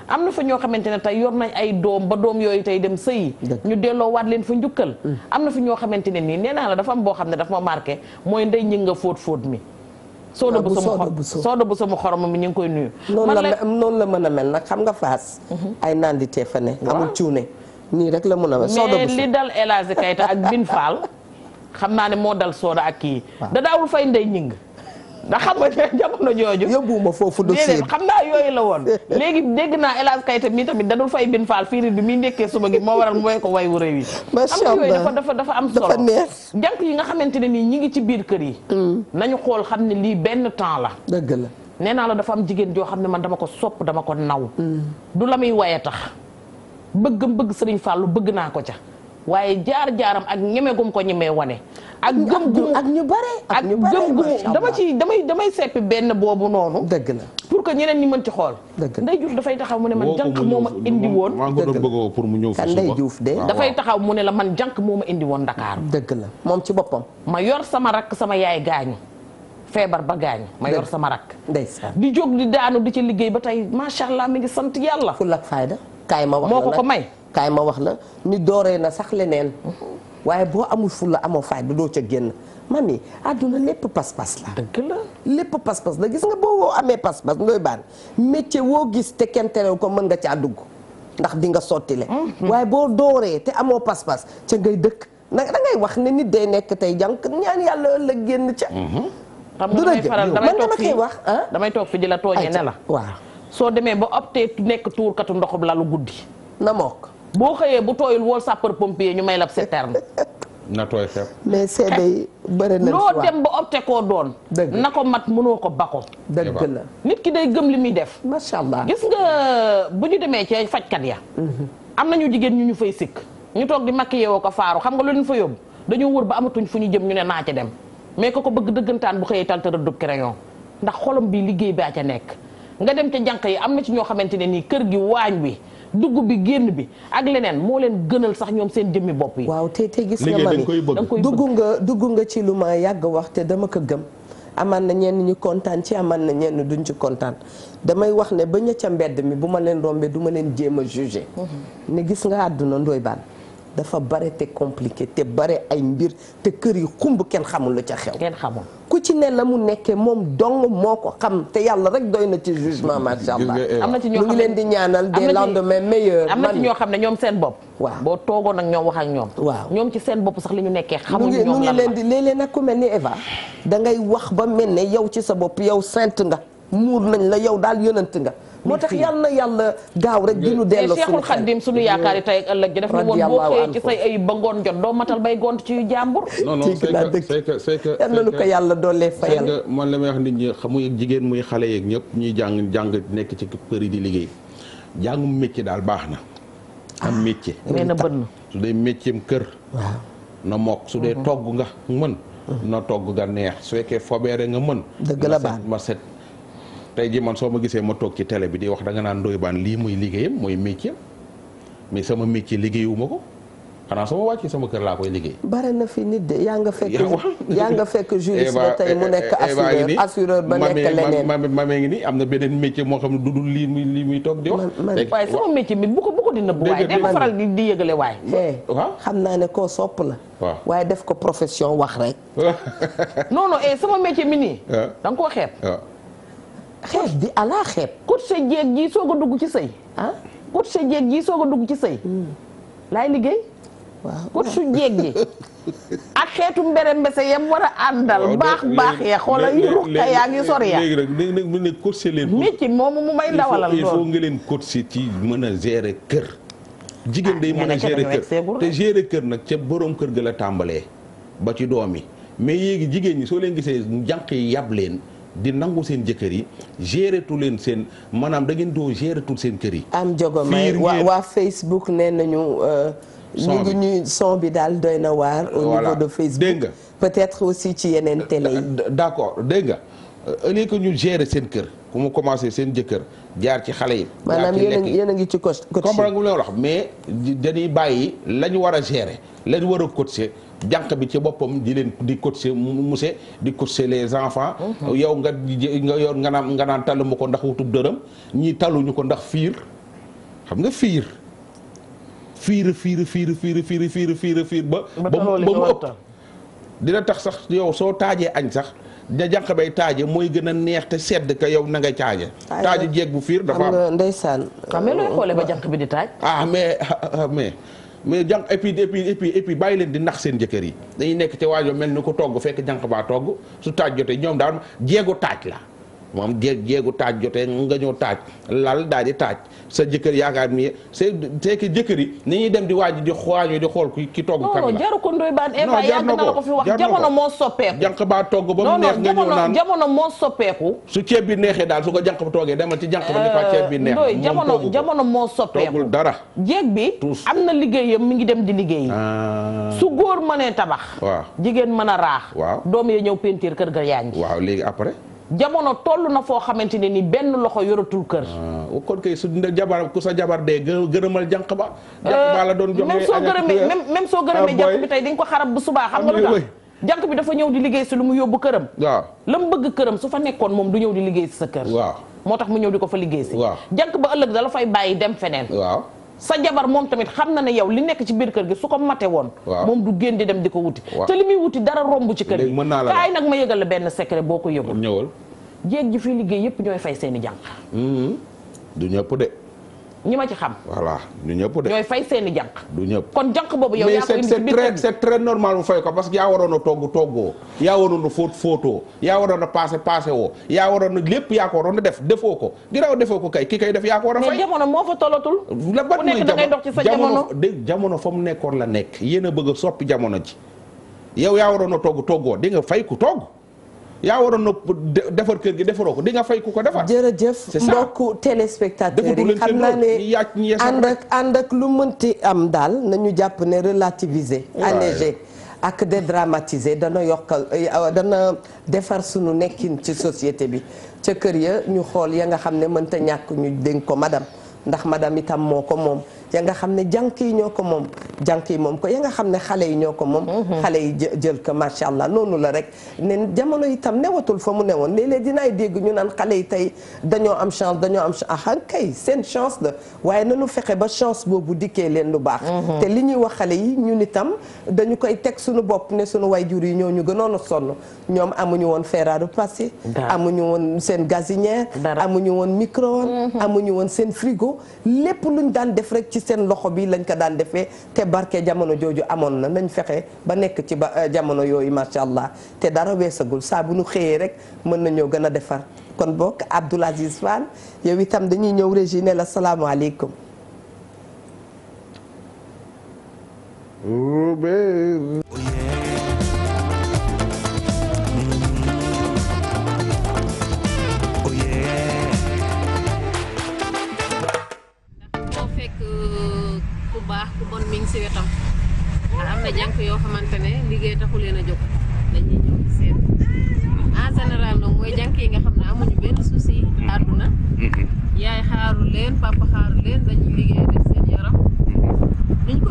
am na fa ñoo xamante ne tey yor nañ ay doom ba doom yooyu tey dem sëyi ñu delloowaat leen fa njukkal mm. am na fi ñoo xamante ne nii nee naa la dafa am boo xam ne dafa ma marqué mooy ndey ñi fóot fóot mi sooda ah, bu sama sooda bu mi ñu ngi koy nuyu noonu la noonu la mën a mel nag xam nga faas mhm. ay nanditee fa ne amul cuune rek la mën a mel sooda bu mais dal Elhadji Keita ak Bin Fall xam naa ne moo dal sooda ak kii da daawul fay ndey ñing ndax xam nga jamono jooju. yóbbuwuma foofu dossier xam naa yooyu la woon. léegi dégg naa El Hadj Kayte mi tamit fay bin faal fiiri bi mi nekkee suba gi moo waral mooy ko way wu réew yi. macha allah yooyu dafa dafa am solo dafa neex. yi nga xamante ne nii ñi ngi ci biir kër yi. Mm. nañu xool xam ne lii benn temps la. dëgg la nee la dafa am jigéen joo xam ne man dama ko sopp dama ko naw. Mm. du la muy waye tax bëggam bëgg sëriñ Fallou bëgg naa ko ca. waaye jaar-jaaram ak ñeme gum ko ñemee wane. ak gëm gum ak ak ñu dama ci damay damay seppi benn boobu noonu. dëgg la pour que ñeneen ñi mën ci xool. dëgg la dafay taxaw mu ne man jànk moo ma indi woon. dëgg pour mu ñëw fa Ndeye Diouf de. Ah, dafay taxaw mu ne la man jànk moo ma indi woon Dakar. dëgg la moom ci boppam. ma yor sama rakk sama yaay gaañu. feebar ba gaañ ma yor sama rakk. ndeysaan di jóg di daanu di ci liggéey ba tey macha allah mi ngi sant yàlla. fula ak fayda kaay ma moo ko ko may kaay ma wax na ni dooree na sax leneen waaye boo amul fulla amoo fayda doo ca génn man mami àdduna lépp pas-pas la. dëgg la lépp pas-pas la gis nga boo woo amee pas-pas ndoy baan métier woo gis te kenn ko mën nga caa dugg ndax di nga sottile mhm. waaye boo dooree te amoo pas-pas ca ngay dëkk nag wax ne nit day nekk tey jànk ñaan yàlla la génn ca. Mhm. xam nga damay faral damay toog fii wax ah? damay toog fi di la tooñee ne la. waaw soo demee ba opté nekk tuurkatu ndoxum lalu guddi. na mook boo xëyee bu tooyul wool sapeur pompier ñu may lab citerne na tooy xepp mais seede yi bëri na loo dem ba opté doon na ko mat mënoo ko bako dëgg la nit ki day gëm li muy def macha allah gis nga bu ñu demee ci fajkat ya mm-hmm. am nañu jigéen ñu ñu fay sikk ñu toog di maquillé woo ko faaru xam nga lu leen fa yóbbu dañoo wër ba amatuñ fu ñu jëm ñu ne naa ci dem mais ko ko bëgg dëggantaan bu xëyee tal tërëddub crayon ndax xolam bi liggéey baa ca nekk nga dem ca jànq yi am na ci ñoo xamante ne nii kër gi waañ wi dugg bi génn bi ak leneen moo leen gënal sax ñoom seen jëmmi bopp yi. waaw te te gis nga ma mami dugg nga dugg nga ci lu ma yàgg wax te dama ko gëm. amaan na ñenn ñi kontaan ci amaan na ñenn duñ ci kontaan damay wax ne ba ña ca mbedd mi bu ma leen rombee du ma leen jéem a jugé. Mm-hmm. ne gis nga àdduna ndoy baan dafa bare te compliqué te bare ay mbir te kër yi xumb kenn xamul la ca xew. kenn xamul ku ci ne la mu nekke moom dong moo ko xam te yàlla rek doy na ci jugement macha allah. am na mu ngi leen di ñaanal des lendemains meilleurs. am ñoo xam ne ñoom seen bopp. waaw boo toogoon ak ñoom wax ak ñoom. waaw ñoom ci seen bopp sax li ñu nekkee. xamuñu ñoom lan la mu ngi leen di léeg-léeg nag ku mel ni Eva. da ngay wax ba mel ne yow ci sa bopp yow saint nga muur nañ la yow daal yonent nga. moo tax yàlla na yàlla gaaw rek di nu Seexul Xaddim suñu yaakaar yi tey ak ëllëg ji def ni woon boo xëyee ci say ay ba ngoon jot doo matal bay gont ci jàmbur tiig laa dëgg yal ko yàlla doolee fayal man la may wax jigéen muy xale yeeg ñëpp ñuy jàng jàng nekk ci kër yi di liggéey jàngum métier daal baax na am ah, métier nee na bën su dee métier kër na mokk su dee mm-hmm. togg nga mën mm-hmm. na togg nga neex su fekkee fobeere nga mën dëgg la baax ma tey jii man soo ma gisee ma toog ci tele bi di wax da nga naan Ndoye Bane lii muy liggéeyam mooy métier mais sama métier liggéeyuma ko xanaa sama wàcc sama kër laa koy liggéey. bare na fi nit yaa nga fekk. fekk juriste ba e, e, nekk assureur assureur ba nekk leneen. ma ngi nii am na beneen métier moo xam ne du dul lii muy toog di wax. ko bu ko yëgale waay. waaw xam naa ne koo sopp la. waaye def ko profession wax rek. non non eh, sama mi nii. da koo xeeb. xeeb bi alaa xeet kut sa jéeg ji soog a dugg ci sëy ah kut sa jéeg ji soog a dugg ci sëy hmm. laay liggéey waaw kut su jéeg ji ak xeetu mbere mbese yam war a àndal baax baax ya xoola yi ruqka yaa ngi sori ya léegi nag léegi nag mu ne course leen métti moomu mu may ndawalal loolu il faut nga ci mën a gérer kër jigéen ah, day mën a gérer kër te gérer kër nag ca borom kër ga la tàmbalee ba ci doom yi mais yéegi jigéen ñi soo leen gisee jànq yi yab leen di nangu seen jëkkër yi gérer leen seen manaam da ngeen doo gérer seen kër yi. am jogo may waa waa Facebook nee nañu. Euh, ñu ngi ñuy son bi daal doy na waar. au niveau de Facebook dégg nga. peut-être aussi ci yeneen télé yi. Euh, d'accord dégg nga. Euh, au ñu gérer seen kër ku mu commencé seen jëkkër jaar ci xale yi. maanaam yéen a ngi ci cos comprendre nga lu wax mais dañuy bàyyi la ñu war a gérer la ñu war a coacher jànq bi ci boppam di leen di coacher monsieur di coacher les enfants. yow nga nga yor nga naan nga naan taluma ko ndax wutub dërëm ñi taluñu ko ndax fiir xam nga fiir. fiir fiir fiir fiir fiir fiir fiir fiir ba. ba mu ëpp dina tax sax yow soo taajee añ sax. da jànq bay taaje mooy gën a neex te sedd ka yow na nga caaje taaje jeeg bu fiir dafa am ndeysaan xam nga looy xoolee ba mm-hmm. jànq bi di taaj ah mais ah, ah, mais jànq épis puis et puis bàyyi leen di nax seen jëkkër yi dañuy nekk ca waajo mel ni ku togg fekk jànq baa togg su taaj jotee ñoom daal jéego taaj la moom jéeg jéegu taaj jotee nga ñëw taaj lal daal di taaj sa jëkkër yaakaar ni c'est c'est que jëkkër yi ni ñuy dem di waaj di xooñu di xool ki togg oh, kan la non jaru ko ndoy baan Eva yàgg na la ko fi wax jamono moo soppeeku jànq baa togg ba mu neex nga ñëw naan jamono moo soppeeku su ceeb bi neexee daal su ko jànq ba toogee demal ci jànq ba ni fa ceeb bi neex ndoy jamono jamono moo soppeeku dara jéeg bi am na liggéeyam mi ngi dem di liggéey ah. su góor mënee tabax waaw jigéen mën a raax waaw doom ya ñëw peinture kër ga yaañ waaw léegi après jamono toll na foo xamante ne ni benn loxo yoratul kër. Ah, kon kay su jabar ku sa jabar dee gërëmal jànq ba. Euh, jànq ba la doon jox même soo gërëmee soo ah, gërëmee jànq bi tey di ko xarab bu subaa xam nga lu ah, jànq bi dafa ñëw di liggéey si lu mu yóbbu këram. waa la mu bëgg kërëm su fa nekkoon moom du ñëw di liggéey si sa kër. waaw moo tax mu ñëw di ko fa liggéey si. waa jànq ba ëllëg dala fay bàyyi dem feneen. waaw sa jabar moom tamit xam na ne yow li nekk ci biir kër gi su ko mate woon moom du génn di dem di ko wuti te li muy wuti dara romb ci kër gi kaay nag ma yëgal benn benn secret boo ko yëgul ñëwal jéeg ji fii liggéey yëpp ñooy fay seeni jànq mm-hmm. du ñëpp de ñi ma ci xam. voilà ñu ñëpp de. ñooy fay seeni jànq. du ñëpp kon jànq boobu yow. yaa ko indi bi c'est très c'est très normal ko parce que yaa waroon a togg toggoo. yaa waroon a fóot fóotoo yaa waroon a paase woo yaa waroon a lépp yaa ko waroon a def defoo ko ginnaaw defoo ko kay ki kay def yaa ko war a fay. jamono moo fa tollatul. la ban mooy jamono ku nekk da ngay ci sa jamono. jamono fa mu nekkoon la nekk yéen a bëgg a soppi jamono ji yow yaa waroon a togg toggoo di nga fay ku togg yaa waroon na defar kër gi defaroo ko di nga fay ku ko defar. jërëjëf mbokku téléspectateur yi xam naa ne ànd ak ànd ak lu mënti am daal nañu jàpp ne relativiser alléger ak dédramatiser dana yokkal euh, euh, dana defar sunu nekkin ci société bi ca kër ya ñu xool ya nga xam ne mënta ñàkk ñu dénk ko madam ndax madame itam moo ko moom. ya nga xam ne jànk yi ñoo ko moom jànk yi moom ko ya nga xam ne xale yi ñoo ko moom mm-hmm. xale yi jël ko macha allah noonu la rek ne jamono itam newatul fa mu newoon léeg-léeg dinaay dégg ñu naan xale yi tey dañoo am chance dañoo am ah, ah kay seen chance la waaye nanu fexe ba chance boobu dikkee leen lu baax mm-hmm. te li ñuy wax xale yi ñun itam dañu koy teg suñu bopp ne suñu jur yi ñoo ñu gënoon a sonn ñoom amuñu woon ferraaru passé amuñu woon seen gazinière amuñu woon micro-ondes mm-hmm. seen frigo seen loxo bi lañ ko daan defee te barke jamono jooju amoon na nañ fexe ba nekk ci ba euh, jamono yooyu macha allah te dara weesagul saa bu nu xëyee rek mën nañoo gën a defar kon bokk Abdoul Aziz Fall yow itam dañuy ñëw régi ne la salaamaaleykum si wetam ndax am na jànk yoo xamante ne liggéey taxu leen a jóg dañuy ñëw di seet nag yi nga xam ne amuñu benn souci mhm.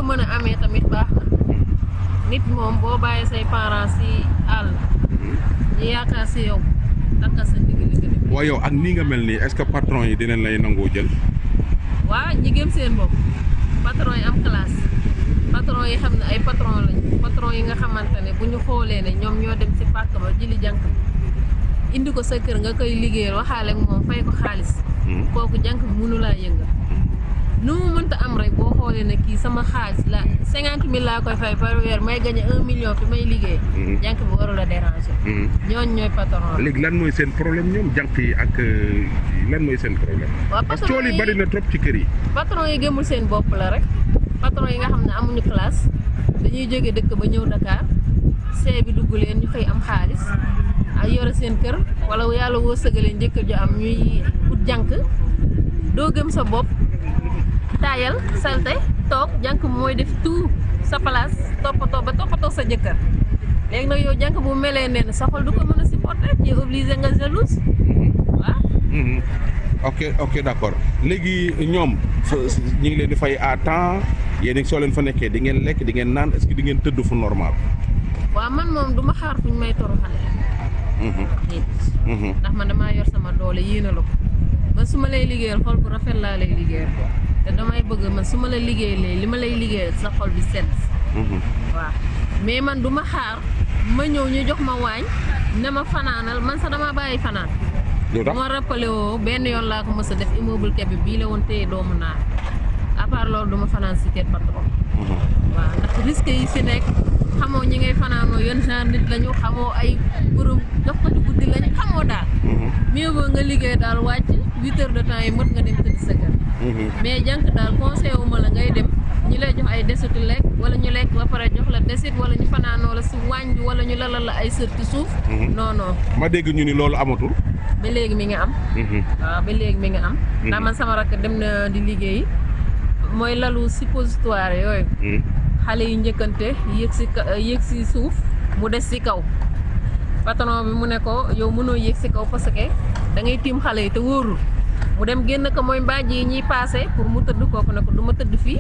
mhm. tamit baax mhm. moom boo bàyyi say parents si àll ñu yaakaar si yow takka sa ndigg li waaw yow ak nii nga mel nii est-ce que patron yi dinañ lay nangoo jël waa ñi gëm seen bopp patron yi am classe patron yi xam ne ay patron lañ patron yi nga xamante ne bu ñu xoolee ne ñoom ñoo dem si pàkk ba jili jànk indi ko sa kër nga koy liggéeyal waxaale ak moom fay ko xaalis hmm. kooku jànk bi mënu laa yëngal hmm. nu mu mënta am rek boo xoolee ne kii sama xaalis la cinquante mille laa koy fay par weer may gagné un million fi may liggéey hmm. jànk bi warul a déranger ñooñ ñooy patron léegi lan mooy seen problème ñoom jànk yi ak euh, lan mooy seen problème parce que coow ci kër yi patron yi la patron yi nga xam ne amuñu place dañuy jóge dëkk ba ñëw Dakar see bi dugg leen ñu fay am xaalis ay ah, yore seen kër wala yàlla woo sëgaleen jëkkër ju am ñuy ut jànk doo gëm sa bopp taayal salte toog jànk mooy def tout sa place toppatoo ba toppatoo sa jëkkër léegi nag yow jànk bu melee neen sa xol du ko mën a supporter ci obligé nga jalouse mm-hmm. waaw mm-hmm. ok ok d'accord léegi ñoom ñu ngi leen di fay à temps yéen soo leen fa nekkee di ngeen lekk di ngeen naan est-ce di ngeen tëdd fu normal. waa man moom du ma xaar fu ñu may toroxale. Mhm. Mhm. ndax yor sama doole yéena la ko man su ma lay liggéeyal xol bu rafet laa lay liggéeyal ko te damay bëgg man su ma lay liggéeyalee li ma lay liggéeyal sa xol bi sedd. Mhm. mais man du ma xaar ma ñëw ñu jox ma waañ ne ma fanaanal man sax dama bàyyi fanaan. lu tax moo rappelé woo benn yoon laa ko mës a def immeuble kebe bii la woon téye doomu naa à loolu duma fanaan si kër patron mhm. waaw ndax risque yi nekk xamoo ñi ngay fanaanoo yenn genre nit lañu xamoo ay borom dox ko ci guddi lañu xamoo daal mhm. mieux nga liggéey daal wàcc huit de temps yi mët nga dem tëdd mhm. mais jànk daal conseil wu ma la ngay dem ñu lay jox ay desitu lekk wala ñu lekk ba pare jox la desit wala ñu fanaanoo la si waañ bi wala ñu lalal la ay sër ci suuf non ma dégg ñu ni loolu amatu ba léegi mi ngi am. waaw mhm. ah, ba léegi mi nga am. Mhm. ndax man sama rakk dem na di liggéey mooy lalu suppositoire yooyu. Mhm. xale yu njëkkante yéeg si yéeg si suuf mu des si kaw patron bi mu ne ko yow mënoo yéeg si kaw parce que da ngay tiim xale yi te wóorul mu dem génn ko mooy mbaaj yi ñuy paase pour mu tëdd kooku ne ko du ma tëdd fii.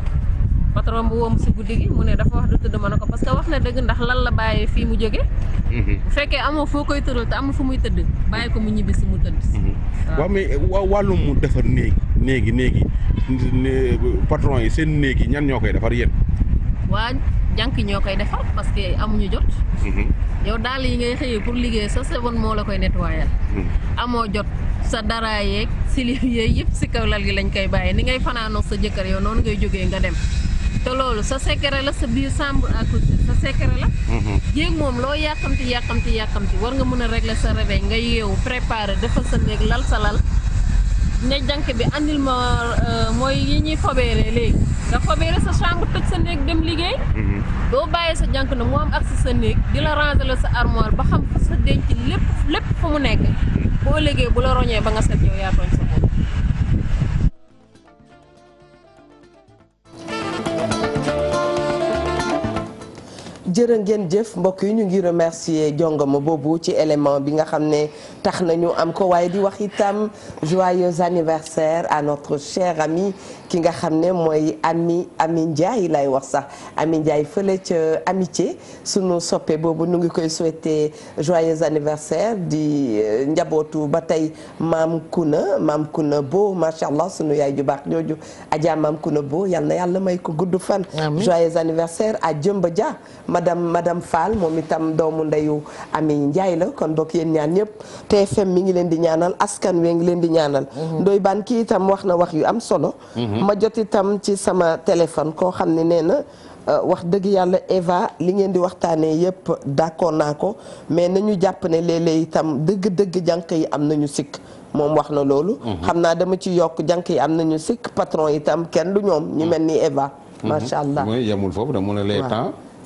patron bu woom si guddi gi mu ne dafa wax du tudd ma ne ko parce que wax na dëgg ndax lan la bàyyee fii mu jóge mhm. bu fekkee amoo foo koy tëral te amoo fu muy tëdd bàyyi ko mu ñibbi si mu tëdd mhm. waaw mais wàllum mu defar néeg néegi néegi patron yi seen néegi ñan ñoo koy defar yéen waa jànk ñoo koy defar parce que amuñu jot mhm. yow daal yi ngay xëyee pour liggéey sa sebon moo la koy nettoyal amoo jot sa dara yeeg silif yeeg yëpp si kaw lal gi lañ koy bàyyee ni ngay fanaanoo sa jëkkër yow noonu ngay jógee nga dem te loolu sa secret la sa biir chambre à coucher sa secret la. Mm-hmm. jéeg moom loo yàkkamti yàkkamti yàkkamti war nga mën a régler sa réveil nga yeewu préparer defal sa néeg lal sa lal ne jànk bi andil ma euh, mooy yi ñuy fobeere léegi nga fobeere sa chambre tëj sa néeg dem liggéey. Mm-hmm. doo bàyyi sa jànk na moom am ak sa néeg di la sa armoire ba xam fa sa denc lépp lépp fu mu nekk mm-hmm. boo liggéey bu la roñee ba nga set yow yaa sa jërë ngeen jëf mbokk yi ñu ngi remercier jongoma boobu ci élément bi nga xam ne tax nañu am ko waaye di wax itam joyeux anniversaire à notre cher ami ki nga xam ne mooy ami ami Ndiaye lay wax sax ami Ndiaye fële ca amitié sunu soppe boobu nu ngi koy souhaiter joyeux anniversaire di euh, njabootu ba tey maam Kuna maam Kuna Bo macha allah sunu yaay ju baax jooju Adja maam Kuna Bo yal na yàlla may ko gudd fan. joyeux anniversaire à Jëmba Dia. madame madame Fall moom itam doomu ndeyu Ami njaay la kon bokk yéen ñaan ñëpp fem mi ngi leen di ñaanal askan wee ngi leen di ñaanal mhm. ndoy baan kii itam wax na wax yu am solo mhm. ma jot itam ci sama téléphone koo xam ne nee na euh, wax dëgg yàlla Eva li ngeen di waxtaanee yëpp d'accord naa ko mais nañu jàpp ne léeg-léeg itam dëgg-dëgg jànq yi am nañu sikk moom wax na loolu mhm. xam naa dama ci yokk jànq yi am nañu sikk patron itam kenn du ñoom ñu mel ni Eva macha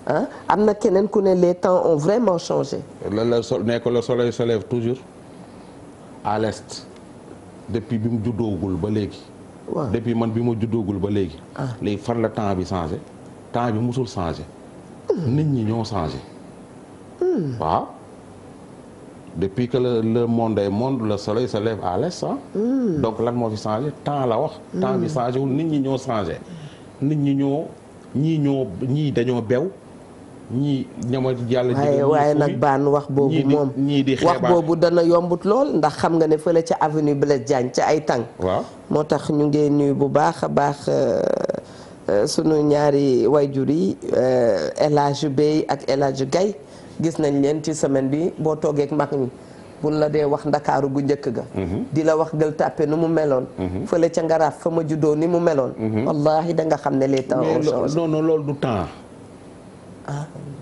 ah am na keneen ku ne les temps ont vraiment changé. la la so nee ko le soleil se lève toujours à l'est depuis bi mu juddoogul ba léegi. waaw depuis man bi mu juddoogul ba léegi. Ah. léegi far la temps bi changé temps bi musul changé. Hmm. nit ñi ñoo changé. Hmm. waaw depuis que le le monde est monde le soleil se hmm. donc lan moo fi changé temps la wax. temps bi changé wul nit ñi ñoo changé. nit ñi ñoo ñii ñoo ñii dañoo bew. ñii ñamal yàlla waaye waaye nag baan wax boobu moom ñii di wax boobu dana yombut lool ndax xam nga ne fële ca avenue Blaise Diagne ca ay tàng waaw moo tax ñu ngi nuyu bu baax a baax euh, euh, sunu ñaari wayjur yi euh, El Hadj Bey ak El Hadj Gay gis nañ leen ci semaine bi boo toogeek mag ñi buñ la dee wax ndakaaru gu njëkk ga mhm. di la wax gël tàppe nu mu meloon mhm. fële ca ngaraaf fa ma juddoo ni mu meloon mhm. wallahi da nga xam ne les temps ont changé non non loolu du temps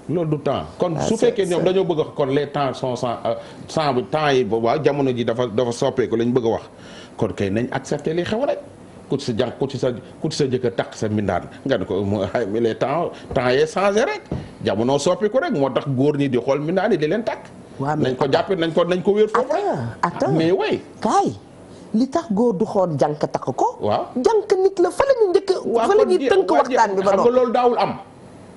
loolu ah. du temps kon ah, su fekkee ñoom dañoo bëgg a kon les temps sont sans euh, sans temps yi boobaa jamono ji dafa dafa soppeeku lañ bëgg a wax kon kay nañ accepter li xew rek ku ci sa jàng ku ci sa ku ci sa jëkkër takk sa mbindaan nga ne ko mi les temps temps yee jamono soppeeku rek moo tax góor ñi di xool mbindaan yi di leen takk. waaw nañ ko jàppee nañ ko nañ ko wér foofu rek mais way kaay li tax góor du xool jànk takk ko. waaw jànk nit la fa la njëkk fa la ñuy tënk waxtaan bi ba xam loolu daawul am.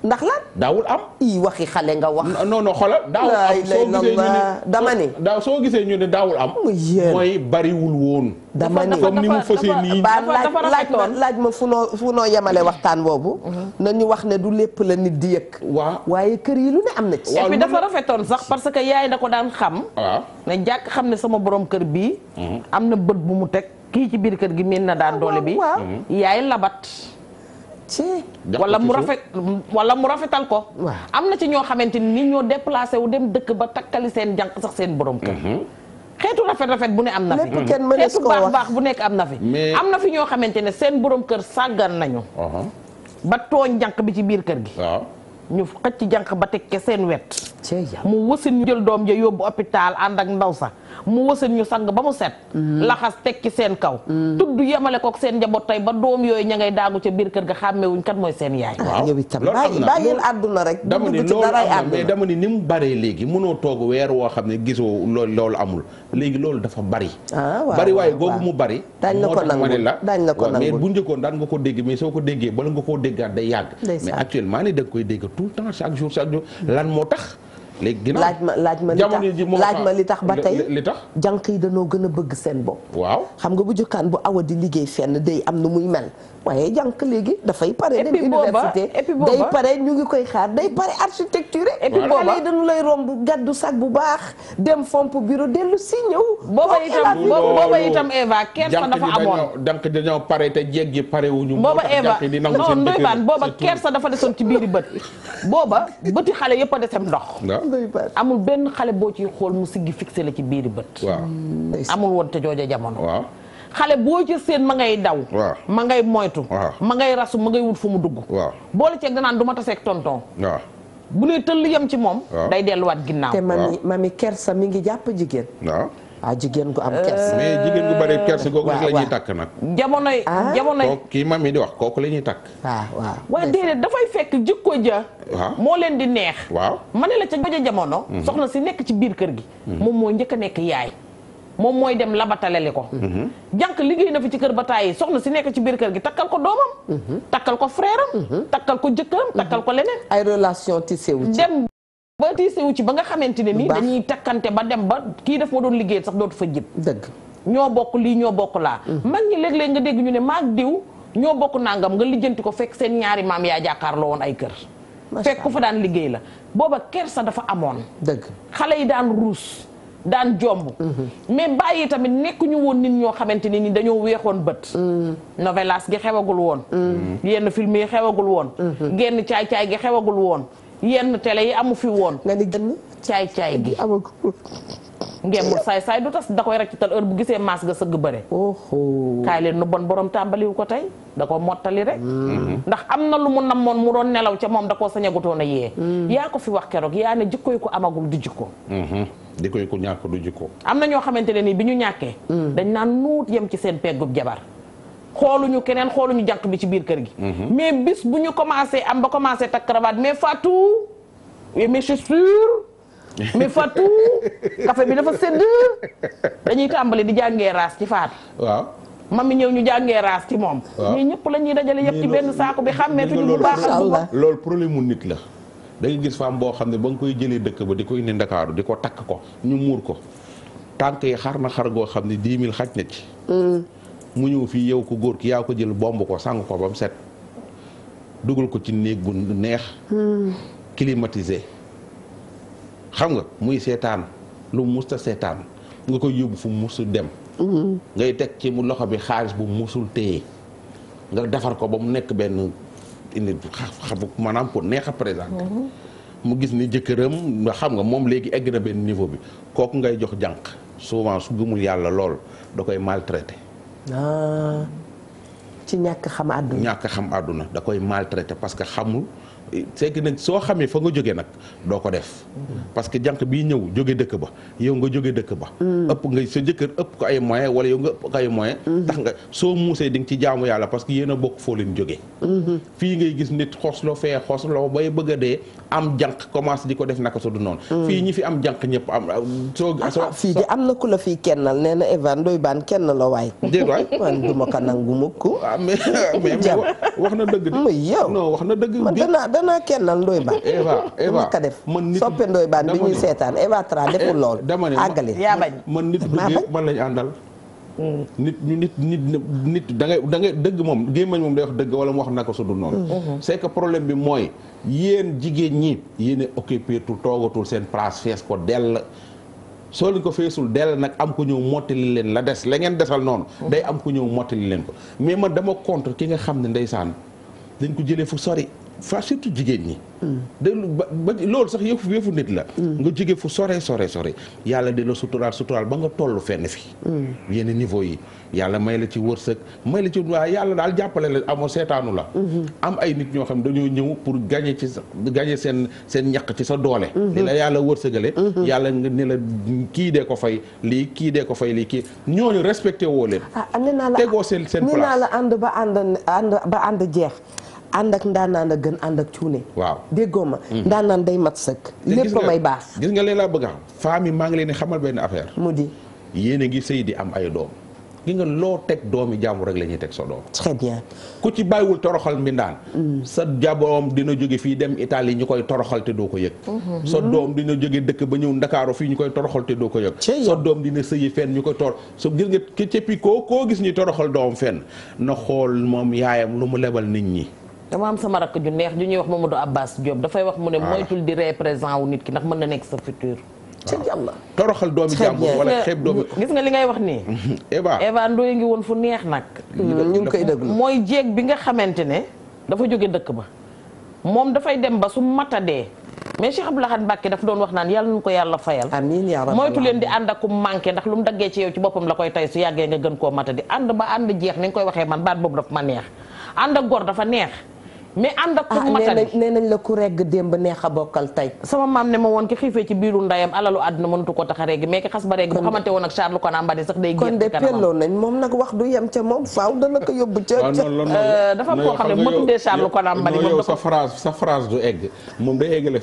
ndax lan daawul am i waxi xale nga wax non non xoolal daawul am soo gisee ñu ne dama ne daaw soo gisee ñu daawul am mooy bariwul woon dama ne comme ni mu fësee nii ba laaj laaj ma fu noo fu yemale mm-hmm. waxtaan boobu mm-hmm. nañu wax ne du lépp la nit di yëg waaw waaye kër yi lu ne am na ci et puis dafa rafetoon sax parce que yaay da ko daan xam waaw ne jàkk xam ne sama borom kër bii mm-hmm. am na bët bu mu teg kii ci biir kër gi miin na daan ah, doole bi yaay labat wala mu rafet wala mu rafetal ko am na ci ñoo xamante ni ñoo déplacé wu dem dëkk ba takkali seen jànq sax seen borom kër mhm. xeetu rafet-rafet bu ne am na fi xeetu baax baax bu nekk am na fi am na fi ñoo xamante ne seen boroom kër sàggan nañu uh-huh. ba tooñ jànq bi ci biir kër gi ñu xëcc jànq ba teg ke seen wet mu wasin ñu jël doom ja yóbbu hôpital ànd ak ndaw sax mu wasin ñu sang ba mu set mm-hmm. laxas tekki seen kaw mm-hmm. tudd yemale kook seen njaboot tey ba doom yooyu ña ngay daagu ca biir kër ga xàmmewuñ kat mooy seen yaay yow itam bàyyil àdduna rek dama ni loolu am mais dama ni mu baree léegi mënoo toog weer woo xam ne gisoo loolu loolu amul léegi loolu dafa bari ah, bari waaye googu mu bari daañ la ko nangul daañ la ko nangul mais bu njëkkoon daan nga ko dégg mais soo ko déggee bala nga koo déggaat day yàgg mais actuellement ni da nga koy dégg tout le chaque jour chaque jour tax léegi laaj ma laaj ma li tax laaj ma li tax ba tey li tax jànq yi dañoo gën a bëgg seen bopp. waaw xam nga bu jëkkaan bu awa di liggéey fenn day am nu muy mel waaye jànq léegi dafay pare. dem ñu ngi koy xaar day pare architecture. et puis booba xale yi dañu gàddu sac bu baax dem fomp bureau dellu ñëw. booba itam booba dañoo pare te jéeg yi pare kersa dafa desoon ci biiri bët booba bëti xale yëpp a desem ndox am amul benn xale boo ci xool mu siggi fixé la ci biiri bët. waaw amul woon te jooja jamono. waaw xale boo ca seen ma ngay daw. ma ngay moytu. waaw ma ngay rasu ma ngay wut fu mu dugg. waaw boole ceeg danaan du ma taseeg tonton. waaw bu nee tëll yem ci moom. day delluwaat ginnaaw. te mami mami kersa mi ngi jàpp jigéen. waaw ah jigéen ko am kersa. Euh, mais jigéen gu bari kersa googu nag la ñuy takk nag. jamonoy ah? jamonoy kooku kii mami di wax kooku la ñuy takk. waaw waaw. déedéet dafay fekk jikko ja. moo leen di neex. waaw ma ne la ca jooja jamono. Mhm. soxna si nekk ci biir kër gi. Mhm. moom moo njëkk a nekk yaay. moom mooy dem labataleli ko. Mhm. jànk liggéey na fi ci kër ba taay soxna si nekk ci biir kër gi takkal ko doomam. takkal ko frère takkal ko jëkkëram takkal ko leneen. ay relation tissé wu ci. ba wu ci ba nga xamante ne ni dañuy takkante ba dem ba kii daf ma doon liggéey sax dootu fa jib dëgg ñoo bokk lii ñoo bokk laa mm-hmm. mag ñi léeg leen nga dégg ñu ne maag diw ñoo bokk nangam nga lijjanti ko fekk seen ñaari maam yaa jàkkaarloo woon ay kër fekk ku fa daan liggéey la booba kersa dafa amoon dëgg xale yi daan ruus daan jomb mm-hmm. mais bàyyi tamit nekkuñu woon nit ñoo xamante ni ni dañoo weexoon bët mm-hmm. novelas gi xewagul woon yenn film yi xewagul woon genn caay-caay gi xewagul woon yenn télé yi amu fi woon. nga ni gën caay caay gi amul ko. ngembul saay saay du tas da koy rek ci tal heure bu gisee maas ga sëgg bëre. kaay leen nu bon borom tàmbaliwu ko tey da ko mottali rek. Mm-hmm. ndax am na lu mu namoon mu doon nelaw ca moom da koo sañagutoon a yee. Mm. yaa ko fi wax keroog yaa ne jikkoy ko amagul du jikko. di mm-hmm. koy ko ñàkk du jikko. am na ñoo xamante ne nii bi ñu ñàkkee. Mm. dañ naan nuut yem ci seen peggub jabar. xooluñu keneen xooluñu jànq bi ci biir kër gi. Mhm. mais bis bu ñu commencé am ba commencé takk cravate mais Fatou et mes chaussures mais Fatou café bi dafa sedd dañuy tàmbali di jàngee raas ci Fatou. waaw. mami ñëw ñu jàngee raas ci moom. waaw ñëpp la ñuy dajale yëpp ci benn saako bi xàmmeetuñu bu baax a. loolu problème mu nit la. dañu nga gis femme boo xam ne ba nga koy jëlee dëkk ba di ko indi ndakaaru di ko takk ko ñu muur ko tànk yi xar na xar goo xam ne 10 000 xaj na ci. Mm. mu ñëw fii yow ko góor ki yaaw ko jël bomb ko sang ko ba mu set dugal ko ci néeg bu neex. Hmm. climatisé xam nga muy seetaan lu mu musta seetaan nga koy yóbbu fu mu musul dem. Hmm. ngay teg ci mu loxo bi xaalis bu musul téye nga defar ko ba mu nekk benn indi xa maanaam ko neex a hmm. mu gis ni jëkkëram nga xam nga moom léegi egg na benn niveau bi kooku ngay jox jànq souvent su gëmul yàlla lool da koy maltraité. Ah. ci ñàkk xam àdduna. ñàkk xam àdduna da koy maltraité parce que xamul. c'est que nag soo xamee foo nga jógee nag doo ko def parce que jànq bii ñëw jóge dëkk ba yow nga jóge dëkk ba mm. ëpp nga sa jëkkër ëpp ko ay moyen wala yow nga ëpp ko ay moyen mm-hmm. tax nga soo muusee di nga ci jaamu yàlla parce que yéen bokk foo leen jógee mm-hmm. fii ngay gis nit xosloo fee xosloo bay bëgg dee am jànq commencé di ko def naka su du noonu mm. fii ñi fi am jànq ñëpp am soo ah, ah, fii di am na ku la fii kennal nee na Evan doy baan kenn la waay dégg waay ma ko ah, wax na dëgg de non wax na dëgg danaa kennal Ndoye Bane. Eva Eva man nit soppe Ndoye Bane bi seetaan Eva Tra deful eh, lool. dama ne àggale yaa bañ man nit dëgg man lañu àndal. Hmm. nit ñu nit nit nit da ngay da ngay dëgg moom gémmañ moom day wax dëgg wala mu wax naka su dul noonu. Hmm. Hmm. c'est que problème bi mooy yéen jigéen ñi yéen a occupé seen place fees ko dell. soo leen ko feesul dell nag am ko ñëw mottali leen la des la ngeen desal noonu. day am ku ñëw mottali leen ko mais man dama contre ki nga xam ne ndeysaan dañ ko jëlee fu sori. fa surtout jigéen ñi. de ba loolu sax yëfu yëfu nit la. Mm. nga jóge fu sore sore sore yàlla di la suturaal suturaal ba nga tollu fenn fi. Mm. yenn niveau yi yàlla may la ci wërsëg may la ci waa yàlla daal jàppale la amoo seetaanu la. Mm-hmm. am ay nit ñoo xam dañoo ñëw pour gagner ci sa gagner seen seen ñaq ci sa doole. Mm-hmm. ni la yàlla wërsëgale. Mm-hmm. yàlla nga ne la kii dee ko fay lii kii dee ko fay lii kii ñooñu respecté woo leen. Ah, ah, tegoo seen seen place nee naa la ànd ba ànd ànd ba ànd jeex. ànd ak ndaanaan a gën ànd ak cuune. waaw déggoo ma. Mm-hmm. ndaanaan day mat sëkk. lépp may baax gis nga leen laa bëgg a xam. yi maa ngi leen di xamal benn affaire. mu di. yéen a ngi sëy di am ay doom. gi nga loo teg doomi jàmbur rek la ñuy teg soo doom. très bien. ku ci bàyyiwul toroxal mbindaan. Mm. sa jaboom dina jóge fii dem Italie ñu koy toroxal te doo ko yëg. Mm-hmm. sa doom dina jóge dëkk ba ñëw Ndakaaru fii ñu koy toroxal te doo ko yëg. sa doom dina sëyi fenn ñu koy tor so gis nga ci koo koo gis ñu toroxal doom fen na xool moom yaayam lu mu lebal nit ñi. dama am sama rakk neex ñuy wax Mamadou Abbas Diop dafay wax mu ne ah. moytul di ree présent wu nit ki ndax mën sa futur ah. ci yàlla toroxal doomi jàmbur wala nga li ngay wax nii Eva Eva Ndoye ngi woon fu neex nag ñu ngi koy déglu mooy jéeg bi nga xamante ne dafa jóge dëkk ba moom dafay dem ba su matadee mais Cheikh Abdou Lahad Mbacké daf doon wax naan yàlla nu ko yàlla fayal amiin yaa rabbi moytu leen di ànd ak ku manqué ndax lu mu daggee ci yow ci boppam la koy tay su yàggee nga gën koo matadi ànd ba ànd jeex ni nga koy waxee man baat boobu daf ma neex ànd ak gor dafa neex mais ànd ak ku ah, matali nañ la ku regg démb neex a bokkal tey sama maam ne ma woon ki xiifee ci biiru ndayam alalu àdduna mënatu ko tax a regg mais ki xas ba regg bu moom nag wax du yem ca moom faaw dana ko yóbbu ca dafa am koo xam ne bu ma tuddee Charles ko Mbadi moom sa moom day eggale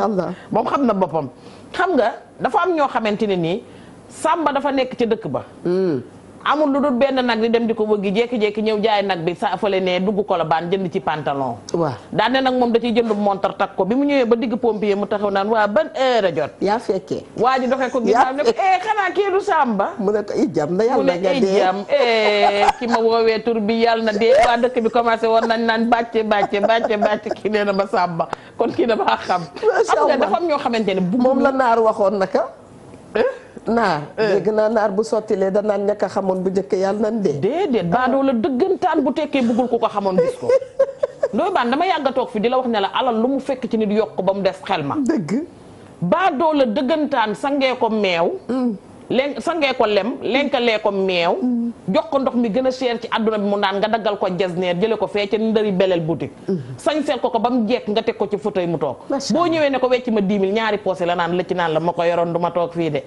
am moom xam na boppam xam nga dafa am ñoo xamante ne nii sàmba dafa nekk ca dëkk ba hmm. amul lu dul benn nag di dem di ko wëggi jékki-jékki ñëw jaay nag bi sa fale ne dugg ko la baan jënd ci pantalon waaw daane nag moom da ciy jënd montar takk ko bi mu ñëwee ba digg pompier mu taxaw naan waa ban heure a jot yaa fekkee waa ji doxee ko ginnaaw ne ko eh xanaa kii du eh, na yàlla nga eh, eh, ki ma woowee tur bi yàlla na dee waa dëkk bi commencé war nañ naan bàcce bàcce bàcce bàcce kii nee na ba sàmba kon kii na ba xam xam nga dafa am ñoo xamante ne bu moom la naar waxoon naka naar eh. dégg naa naar bu sottilee danaan ñàkk a xamoon bu njëkk yàlla nan dee déedéet baadoo la dëggantaan bu tekkee bëggul ku ko xamoon gis ko ndoy baan dama yàgg a toog fi di la wax ne la alal lu mu fekk ci nit yokk ba mu des xel ma dëgg baadoo dëggantaan sangee ko meew mm. len sangee ko lem lenkalee ko meew jox ko ndox mi gën a cher ci àdduna bi mu naan nga daggal ko jasneer jële ko fee ca ndari beleel boutique sañseel ko ko ba mu jekk nga teg ko ci fauteuil mu toog boo ñëwee ne ko wecc ma 10 000 ñaari poosé la naan lëcc naan la ma ko yoroon du ma toog fii de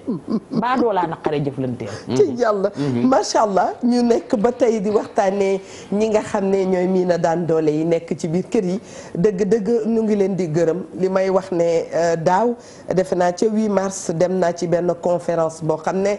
baa doo laa naqare jëflanteel ci yàlla macha allah ñu nekk ba tey di waxtaanee ñi nga xam ne ñooy mii na daan doole yi nekk ci biir kër yi dëgg dëgg ñu ngi leen di gërëm li may wax ne euh, daaw defe naa ca 8 mars dem naa ci benn conférence boo xam ne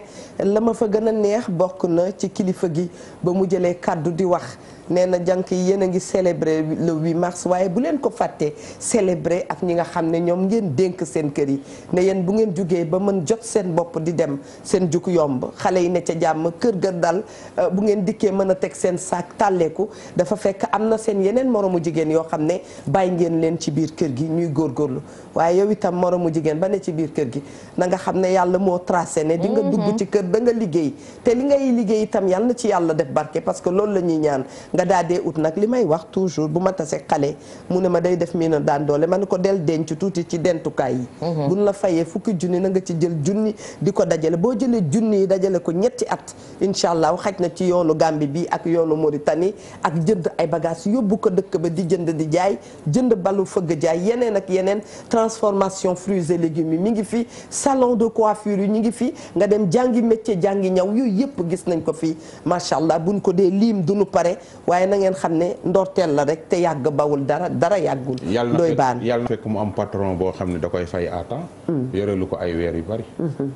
la ma fa gën a neex bokk na ci kilifa gi ba mu jëlee kàddu di wax nee na jànk yi yéen a ngi célébrer le 8 mars waaye bu leen ko fàttee célébrer ak ñi nga xam ne ñoom ngeen dénk seen kër yi ne yéen bu ngeen jugee ba mën jot seen bopp di dem seen jug yomb xale yi ne ca jàmm kër ga dal euh, bu ngeen dikkee mën a teg seen saak tàlleeku dafa fekk am na seen yeneen moroomu jigéen yoo xam ne bàyyi ngeen leen ci biir kër gi ñuy góor góorlu waaye yow itam moroomu jigéen ba ne ci biir kër gi na nga xam ne yàlla moo tracé ne di nga mhm. dugg ci kër da nga liggéey te li ngay liggéey itam yàlla na ci yàlla def barke parce que loolu la ñuy ñaan nga daa dee ut nag li may wax toujours bu ma tasee xale mu ne ma day def mii na daan doole ma ne ko del denc tuuti ci dentukaay yi mhm. buñ la fayee fukki junni na nga ci jël junni di ko dajale boo jëlee junni yi dajale ko ñetti at incha allah xaj na ci yoonu Gambie bi ak yoonu Mauritanie ak jënd ay bagages yóbbu ko dëkk ba di jënd di jaay jënd balu fëgg jaay yeneen ak yeneen transformation fruits et légumes yi mi ngi fi salon de coiffure yi ñu ngi fi nga dem jàngi métier jàngi ñaw yooyu yëpp gis nañ ko fi macha allah buñ ko dee lim duñu pare waaye na ngeen xam ne ndorteel la rek te yàgg bawul dara dara yàggul. doy baan yàlla na fekk mu am patron boo xam ne da koy fay à temps. Hmm. yorelu ko ay weer yu bari. Hmm.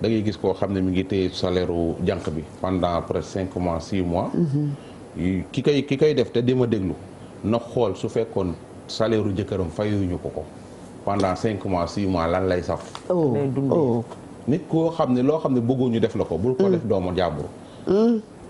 da ngay gis koo xam ne mu ngi téye salaire u jànq bi pendant presque cinq mois six mois. Hmm. ki koy ki koy def te di ma déglu na xool su fekkoon salaire u jëkkëram fayuñu ko ko pendant cinq mois six mois lan lay saf. Oh. Oh. nit koo xam ne loo xam ne bëgguñu def la ko. bul ko def doomu jàmbur.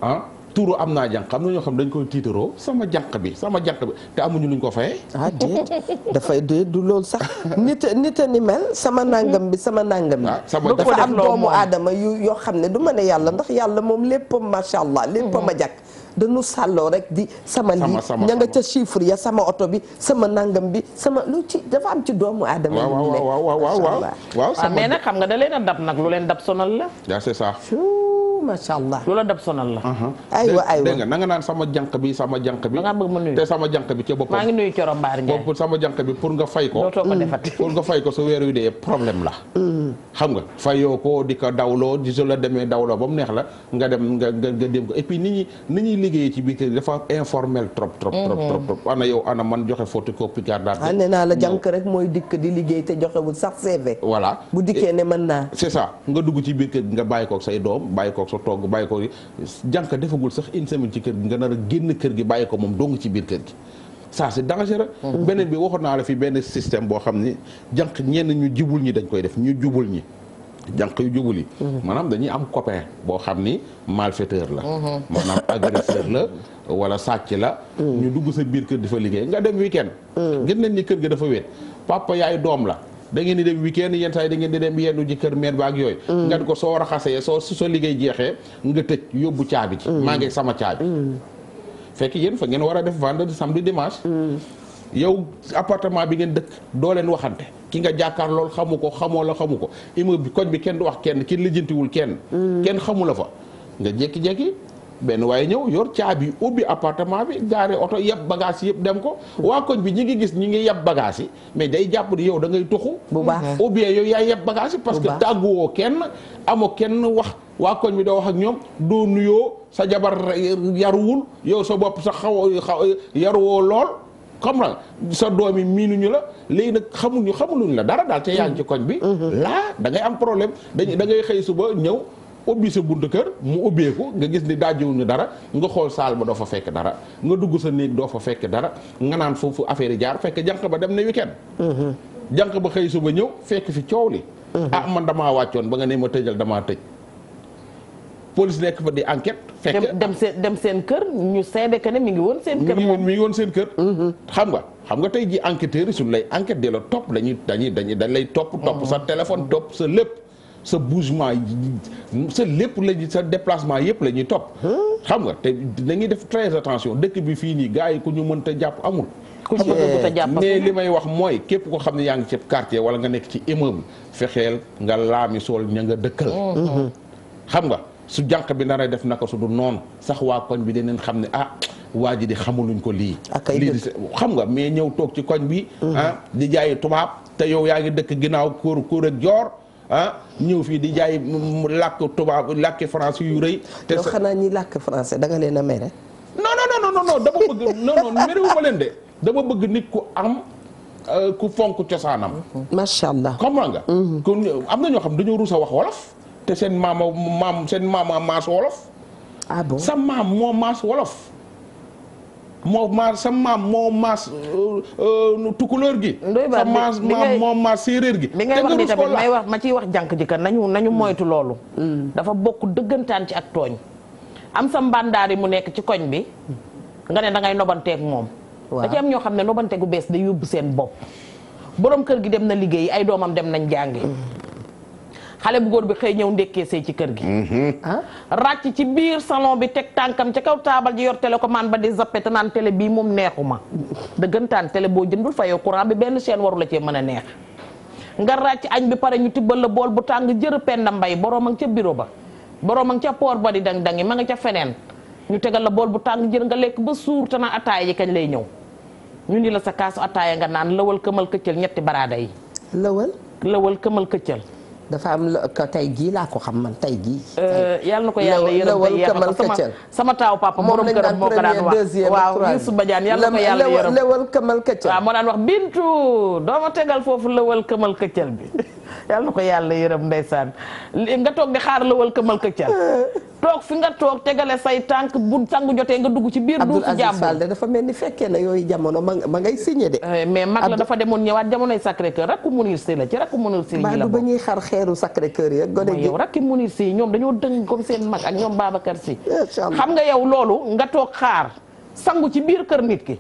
Ah? tuuru am naa jànq am na ñoo xam dañ koy tiitaroo sama jànq bi sama jànq bi te amuñu luñ ko fayee. ah déet dafay déet du lool sax nit nit a ni mel sama nàngam bi sama nangam bi. Ah, sama dafa am doomu aadama yu yoo xam ne du ma yàlla ndax yàlla moom léppam macha allah léppam a mm-hmm. jàkk. dañu sàlloo rek di sama lii ña nga ca chiffre ya sama oto bi sama nangam bi sama lu ci dafa am ci doomu aadama waaw waaw waaw waaw waaw waaw ah, mais nag xam nga da leen a dab nag lu leen dab sonal la c'est ça macha allah lu la dab sonal la. aywa aywa dégg nga naan sama jànq bi sama jànq bi. da ngaa bëgg ma nuyu te sama jànq bi ca boppam. sama jànq bi pour nga fay ko. dootoo mm. nga fay ko su weer wi dee problème la. Mm. xam nga fa yow ko di ko dawloo di so la demee dawloo ba mu neex la nga dem nga nga dem ko et puis nit ñi ñuy liggéeyee ci biir kër yi dafa informel trop trop mm-hmm. trop trop ana yow ana man joxe koo carte d'identité ah, nee naa la jànk rek mooy dikk di liggéey te joxewul sax CV voilà bu dikkee ne mën naa c'est ça nga dugg ci biir kër gi nga bàyyi koog say doom bàyyi koog sa togg bàyyi koog janq defagul sax une semaine ci kër gi nga nar a génn kër gi bàyyi ko moom dong ci biir kër gi ça c'est dangereux. Mhm. beneen bi waxoon naa la fi benn système boo xam ni jànq ñenn ñu jubul ñi dañ koy def ñu jubul ñi. janq yu jubul yi. Mhm. maanaam dañuy am copain boo xam ni malfaiteur la. Mhm. maanaam agresseur la wala sàcc la. ñu dugg sa biir kër di fa liggéey nga dem weekend. gën nañ ni kër gi dafa wéet papa yaay doom la. da ngeen di dem weekend yenn saa yi da ngeen di dem yendu ji kër meen ba ak yooyu. nga ko soo raxasee soo su sa liggéey jeexee nga tëj yóbbu caabi ci. maa sama caabi. fekk yéen fa ngeen war a def vendredi samedi dimanche. yow appartement bi ngeen dëkk doo leen waxante ki nga jàkkaar lool xamu ko xamoo la xamu ko immeuble bi koñ bi kenn du wax kenn ki lijjantiwul kenn. kenn xamu la fa nga jékki-jékki. benn waaye ñëw yor caabi ubbi appartement bi gaare oto yeb bagage yëpp dem ko waa koñ bi ñu ngi gis ñu ngi yeb bagage yi mais day jàpp ni yow da ngay tuxu bu baax mm-hmm. ou bien yow yaa yeb bagage yi parce que tàgguwoo kenn amoo kenn wax waa koñ bi da wax ak ñoom doo yoo sa jabar yaruwul yow sa bopp sa xaw xaw yaruwoo lool comme nag sa doom yi miinuñu la léegi nag xamuñu xamuluñu la dara daal te yaa ngi ci mm-hmm. koñ bi mm-hmm. laa da am problème dañ da ngay xëy suba ñëw ubbi sa buntu kër mu ubbee nga gis ni dajjiwuñu dara nga xool saal ma doo fa fekk dara nga dugg sa néeg doo fa fekk dara nga naan foofu affaire jaar fekk jànq ba dem na weekend mhm. jànq ba xëy su ba ñëw fekk fi coow li mhm. ah man damaa wàccoon ba nga ne ma tëjal damaa tëj police nekk fa di enquête fekk dem seen dem seen kër ñu seede que ne mi ngi woon seen kër moom mi ngi seen kër mhm. xam nga xam nga tey ji enquêteurs yi suñu lay enquête di la topp dañuy dañuy dañuy dañ lay topp topp sa téléphone topp sa lépp sa bougement sa lépp la sa déplacement yëpp la ñuy topp. xam nga te dañuy def très attention dëkk bi fii nii gars yi ku ñu mënta jàpp amul. ku li may wax mooy képp ko xam ne yaa ngi ceeb quartier wala nga nekk ci immeuble fexeel nga laami sol ña nga dëkkal. Mm-hmm. xam nga su jànq bi na a def ko su du noonu sax waa koñ bi danañ xam ne ah. waa ji di xamuluñ ko lii. lii xam nga mais ñëw toog ci koñ bi. Mm-hmm. ah di jaayi tubaab te yow yaa ngi dëkk ginnaaw koor kóor ak joor. ah ñëw fii di jaay làkk tubaab làkki français yu rëy. te xanaa ñi làkk français danga leen a mere. non non non non dama bëgg non non merewuma leen de dama bëgg nit ku am. Euh, ku fonk cosaanam. Mm-hmm. macha allah comprends nga. Mm-hmm. kon am na ñoo xam dañoo rusa wax wolof. te seen maama maam seen maama maas wolof. ah bon sa maam moo maas wolof. moo maar sa maam moo maas euh, euh, tukulóor gi. ndoy ba sa maas maam moo maas séeréer gi. te nga wax ni tamit may wax ma ciy wax jànk ji kan nañu nañu mm. moytu loolu. Mm. dafa bokk dëggantaan ci ak tooñ. am sa mbandaar yi mu nekk ci koñ bi nga ne da ngay nobanteeg moom. da ci am ñoo xam ne nobante gu bees day yóbbu seen bopp. boroom kër gi dem na liggéeyi ay doomam dem nañ jàngi. Mm. xale bu góor bi xëy ñëw ndekkee sëy ci kër gi mm-hmm. ah. ràcc ci biir salon bi teg tànkam ca kaw taabal ji yor télécommande ba di zappe te naan télé bii moom neexuma dëggantaan télé boo jëndul fayoo courant bi benn seen waru la cee mën a neex nga ràcc añ bi pare ñu tibbal la bool bu tàng jër penda mbay boroom a ca bureau ba boroom a ca port ba di dang-dangi ma nga ca feneen ñu tegal la bool bu tàng jër nga lekk ba suur te naan ataaya yi kañ lay ñëw ñu ni la sa kaasu ataaya nga naan lawal këmal këccal ñetti baraada yi lawal lawal këmal këccal dafa am ko tey jii laa ko xam man tey jii. Euh, yàlla na ko yàlla yërëm sama sama taaw papa. moom lañ naan premier deuxième waaw Youssouf Badiane yàlla na ko yàlla yërëm lewal kamal këccël. waaw moo daan wax Bintu doo ma tegal foofu la lewal kamal këccël bi. yàlla na ko yàlla yërëm ndeysaan nga toog di xaar la wal këmal këccal toog fi nga toog tegale say tànk bu sangu jotee nga dugg ci biir duufu jàmbur Abdoul Aziz dafa mel ni fekkee na yooyu jamono ma ngay signé de eh, mais mag la dafa demoon ñëwaat jamonoy Sacré Cœur rakku Mounir la ci rakku Mounir Sy la ba ñuy xar xeeru Sacré Cœur ya gone gi yow rakki ñoom dañoo dëng comme seen mag ak ñoom Babacar Sy xam nga yow loolu nga toog xaar sangu ci biir kër nit ki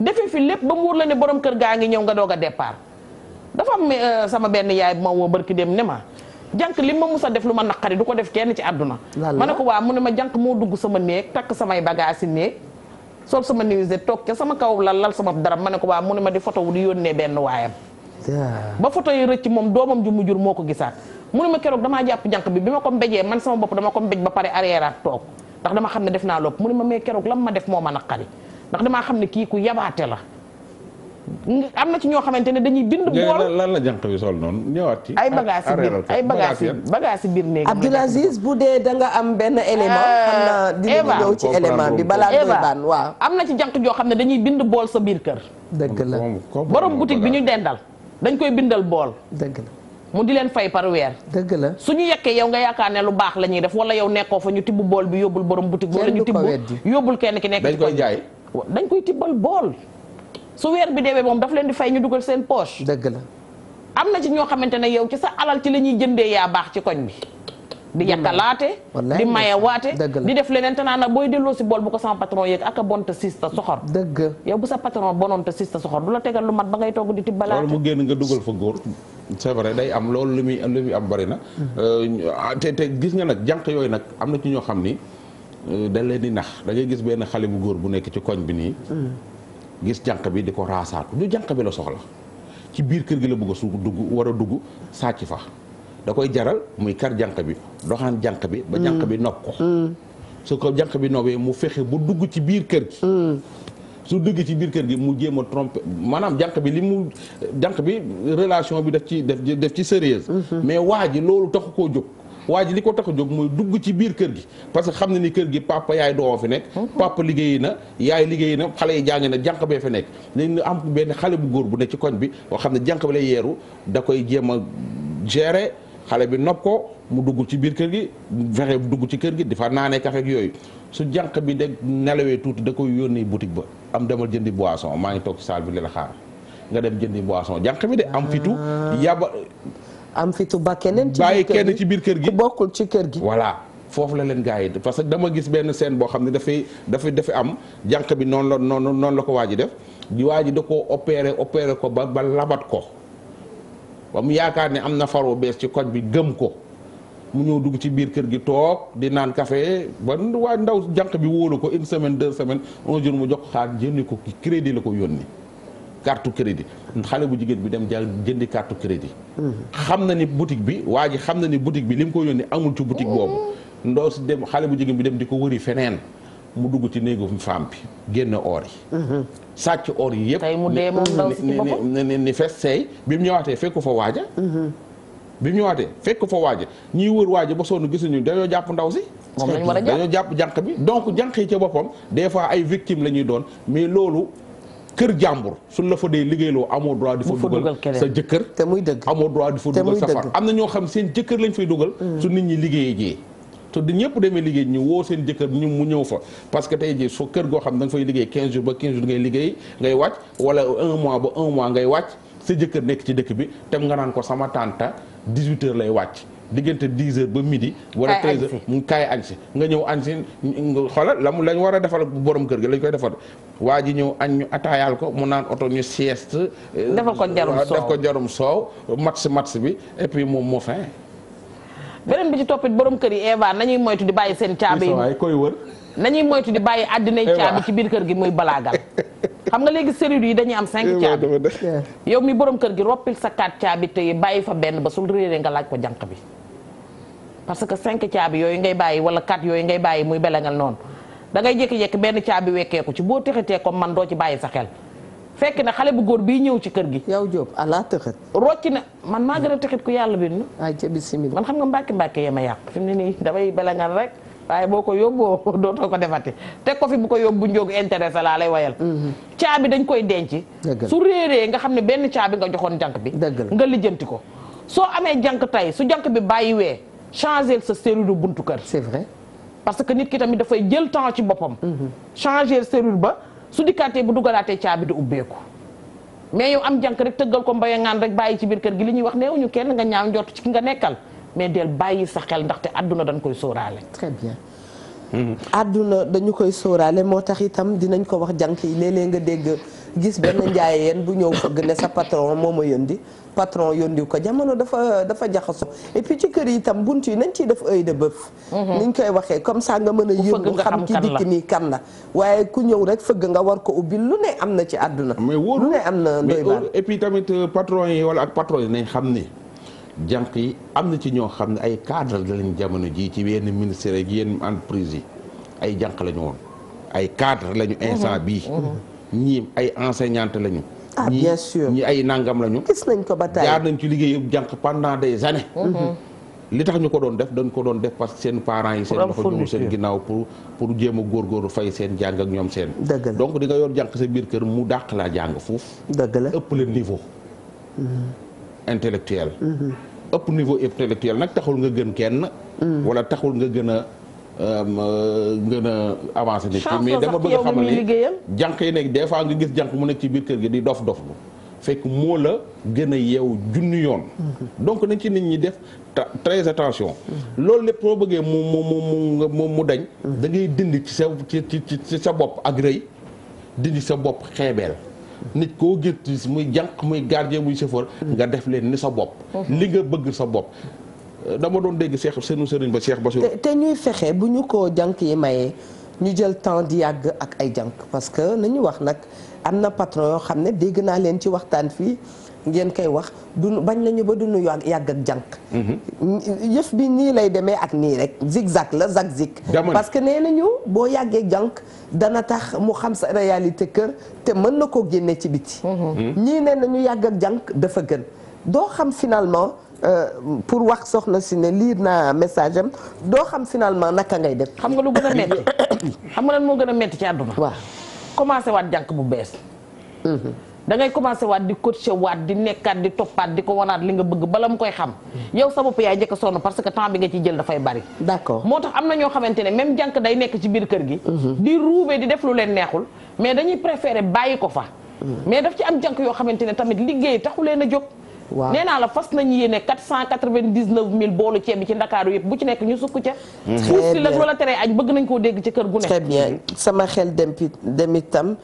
defe fi lépp ba mu wóor la ne borom kër gaa ngi ñëw nga doog a départ dafa am euh, sama benn yaay bu ma woo barki dem ne ma jànk li ma mus a def lu ma naqari du ko def kenn ci àdduna ma ne ko waa mu ne ma jànk moo dugg sama néeg takk samay bagage si néeg sama nuisette toog ca sama kaw lal lal sama dara ma ne ko waa mu ne ma di photo wu di yónnee benn waayam ba photo yi rëcc moom doomam ju mu jur moo ko gisaat mu ne ma keroog damaa jàpp jànk bi bi ma ko mbéjee man sama bopp dama ko mbéj ba pare arrièreaat toog ndax dama xam ne def naa lopp mu ne ma mais keroog lam ma def moo ma naqari ndax damaa xam ne kii ku yabaate la am na ci ñoo xamante ne dañuy bind. bool lan la jànq bi sol noonu ñëwaat ci. ay bagages biir ay bagages yi bagages ci biir néeg. Abdoul Aziz bu dee da nga am benn élément. Ah, xam naa dina ñëw ci élément bi balaa doy baan waa am na ci jànq joo xam ne dañuy bind bool sa biir kër. dëgg la borom boutique bi ñu dendal dañ koy bindal bool. dëgg la. mu di leen fay par weer. dëgg la su ñu yekkee yow nga yaakaar ne lu baax la ñuy def wala yow nekkoo fa ñu tibb bool bi yóbbul borom boutique. wala ñu tibb yóbbul kenn ki nekk. dañ koy jaay dañ koy tibbal bool. su weer bi deewee moom daf leen di fay ñu dugal seen poche. dëgg la am na ci ñoo xamante ne yow ci sa alal ci la ñuy jëndee yaa baax ci koñ bi. di yàqalaate di mayewaate di def leneen te naan booy delloo si bool bu ko sama patron yeeg ak a bon te siis ta soxor dëgg yow bu sa patron la tegal lu mat ba ngay togg di tibbalaate loolu mu génn nga dugal fa góor c'est day am loolu li muy li muy am bari na euh, te te gis nga nag jànq yooyu nag am na ci ñoo xam ni euh, da leen di nax da gis benn xale bu góor bu nekk ci koñ bi nii mm. gis jànq bi di ko raasaatu du jànq bi la soxla ci biir kër gi la bëgg a su dugg war a dugg sàcc fa da koy jaral muy kar jànq bi doxaan jànq bi ba jànq bi nopp ko su ko jànq bi nobee mu fexe bu dugg ci biir kër gi su dugg ci biir kër gi mu jéem a trompé maanaam jànq bi li mu jànq bi relation bi daf ci def def ci sérieuse mm-hmm. mais waa ji loolu taxu koo jóg waa ji li ko tax a jóg mooy dugg ci biir kër gi parce que xam na ni kër gi papa yaay doo fi nekk oh. papa liggéey na yaay liggéey na xale yi jàng na jànq bee fi nekk léegi am benn xale bu góor bu ne ci koñ bi boo xam ne jànq bi lay yeeru da koy jéem a gérer xale bi nopp ko mu dugg ci biir kër gi fexe dugg ci kër gi dafa naanee kafe ak yooyu su jànq bi de nelawee tuuti da koy yónnee boutique ba am demal jëndi boisson maa ngi toog ci salle bi la xaar nga dem jëndi boisson jànq bi de am fitu ah. yaba am fitu ba keneen. ci bàyyi kenn ci biir kër gi ku bokkul ci kër gi. voilà foofu la leen gaa yi parce que dama gis benn scène boo xam ne dafay dafay dafay am jànq bi noonu la noonu noonu la ko waa def di waa ji da ko opéré opéré ko ba ba labat ko ba mu yaakaar ni am na faro bees ci koñ bi gëm ko. mu ñëw dugg ci biir kër gi toog di naan café ba waa ndaw jànq bi wóolu ko une semaine deux semaine un jour mu jox xaar jëndi ko crédit la ko yónni carte crédit xale bu jigéen bi dem jël jëndi carte crédit. xam na ni boutique bi waa xam na ni boutique bi li mu ko yónnee amul ci boutique boobu ndoo si dem xale bu jigéen bi dem di ko wëri feneen mu dugg ci néegu femme bi génn or yi. sàcc or yi yëpp. tey mu dee moom ndaw si ni ni ni fees seey bi mu ñëwaatee fekk fa waaja. bi mu ñëwaatee fekk fa waaja ñiy wër waaja ba sonn gisuñu dañoo jàpp ndaw si. moom a dañoo jàpp jànq bi donc jànq yi boppam des ay victimes la doon mais loolu. kër jàmbur suñ la fa dee liggéeyloo amoo droit di fa dugal sa jëkkër te muy dëgg amoo droit di fa dugal sa far am na ñoo xam seen jëkkër lañ fay dugal mm. su nit ñi liggéeyee jee te di ñëpp demee liggéey ñu woo seen jëkkër ñu mu ñëw fa parce que tey jii soo kër goo xam da nga fay liggéey 15 jours ba 15 jours ngay liggéey ngay wàcc wala un mois ba un mois ngay wàcc sa jëkkër nekk ci dëkk bi tem nga naan ko sama tànta 18 heures lay wàcc diggante 10 heures ba midi. wala 13 heures mu kaay añ si nga ñëw añ si xoolal la mu lañ war a defal borom kër gi lañ koy defal waa ji ñëw añ ñu ataayaal ko mu naan oto ñu sieste. Euh, defal ko jarum soow def ko jarum soow match match bi et puis moom moo fin. beneen bi ci toppit borom kër yi Eva nañuy moytu di bàyyi seen caabi yi koy wër. nañuy moytu di bàyyi àddinay caabi ci biir kër gi muy balaagal xam nga léegi serrure yi dañuy am cinq caabi yow mi borom kër gi roppil sa quatre caabi tey bàyyi fa benn ba sul réeree nga laaj ko jànq bi parce que cinq caabi yooyu ngay bàyyi wala quatre yooyu ngay bàyyi muy belangal noonu da ngay jékki-jékki benn caabi wekkeeku ci boo texatee comme man doo ci bàyyi sa xel fekk na xale bu góor bii ñëw ci kër gi. yow Diop ala tëxat. rocc na man maa gën a tëxat ku yàlla bi ah ca bisimilah man xam nga mbàkk mbàkk yema yàq fi mu nii damay belangal waaye boo ko yóbboo dootoo ko defati te ko fi bu ko yóbbu njóogu intéressé laa lay wayal mhm. caabi dañ koy denc su réeree nga xam ne benn caabi nga joxoon jànk bi nga lijjanti ko soo amee jànk tey su jànk bi bàyyi bàyyiwee changer sa serrure buntu kër c'est vrai parce que nit ki tamit dafay jël temps ci boppam mhm. changer serrure ba su dikkaatee bu dugalaatee caabi di ubbeeku mais yow am jànk rek tëggal ko mbay ngaan rek bàyyi ci biir kër gi li ñuy wax neewuñu kenn nga ñaaw njort ci nga nekkal mais del bàyyi sa xel ndaxte àdduna dañ koy sóoraale. très bien. Hmm. àdduna dañu koy sóoraale moo tax itam dinañ ko wax jànk yi léeg-léeg nga dégg gis benn njaayeen bu ñëw fëgg ne sa patron moo ma yëndi patron yëndiw ko jamono dafa dafa jaxaso et ci kër yi itam bunt yi nañ ciy def œil de bœuf mhm. niñ koy waxee comme ça nga mën a yëngu xam ki dikk nii kan la waaye ku ñëw rek fëgg nga war ko ubbi lu ne am na ci àdduna lu ne am na ndoy baan et puis tamit euh, patron yi wala ak patron yi nañ xam ni jànq yi am na ci ñoo xam ne ay cadre lañu jamono jii ci yenn ministère ak yenn entreprise yi ay jànq la ñu woon ay cadre lañu mhm. instant bii mhm. ñii ay enseignante lañu ah bien sûr ñi ay nangam lañu gis nañ ko ba tey jaar nañ ci liggéeyu jànq pendant des années mhm. li tax ñu ko doon def dañ ko doon def parce que seen parents yi seen loxo ñu seen ginnaaw pour pour jéem a fay seen jàng ñoom seen donc di nga yor jànq sa biir kër mu dàq laa jàng foofu dëgg la ëpp le niveau intellectuel ëpp niveau intellectuel nag taxul nga gën kenn wala taxul nga gën a euh, gën a avancé nit mais dama bëgg a xamal ni jànq yi nekk des fois nga gis jànq mu nekk ci biir kër gi di dof dof lu fekk moo la gën a yeew junni yoon donc nañ ci nit ñi def très attention loolu lépp soo bëggee mu mu mu mu mu dañ da ngay dindi ci sa ci ci sa bopp ak rëy dindi sa bopp xeebeel nit koo gis muy jànq muy gardien muy chauffeur. nga def leen ni sa bopp. li nga bëgg sa bopp. dama doon dégg Cheikh seenu sëriñ ba Cheikh Bassirou. te ñuy fexe bu ñu ko jànq yi mayee ñu jël temps di yàgg ak ay jànq parce que nañu wax nag am na patron yoo xam ne dégg naa leen ci waxtaan fii. ngeen koy wax dunu bañ nañu ba du dunu yàgg ak jànq mm-hmm. yëf bi nii lay demee ak nii rek zigzag la zag zig parce que nee nañu boo yàggee jànq dana tax mu xam sa réalité kër te mën na koo génne ci biti mm-hmm. ñii ne nañu yàgg ak jànq dafa gën doo xam finalement Euh, pour wax soxna si ne liir na message am doo xam finalement naka ngay def. xam nga lu gën a metti xam nga lan moo gën a metti ci àdduna. waaw commencé waat jànq bu bees. Mm-hmm. dangay ngay commencé waat di coacher waat di nekkaat di toppaat di ko wanaat li nga bëgg bala mu koy xam yow sa bopp yaay njëkk a sonn parce que temps bi nga ciy jël dafay bari d'accord moo tax am na ñoo xamante ne même jànk day nekk ci biir kër gi mhm. di ruubee di def lu leen neexul mais dañuy préférer bàyyi ko fa mhm. mais daf ci am jànk yoo xamante ne tamit liggéey taxu leen a jóg waaw nee naa la fas nañu yéene 499000 boolu ceeb bi ci ndakaaru yëpp bu ci nekk ñu sukk ca. Mhm. très koo dégg ci kër gu nekk. très bien sama xel dem dem itam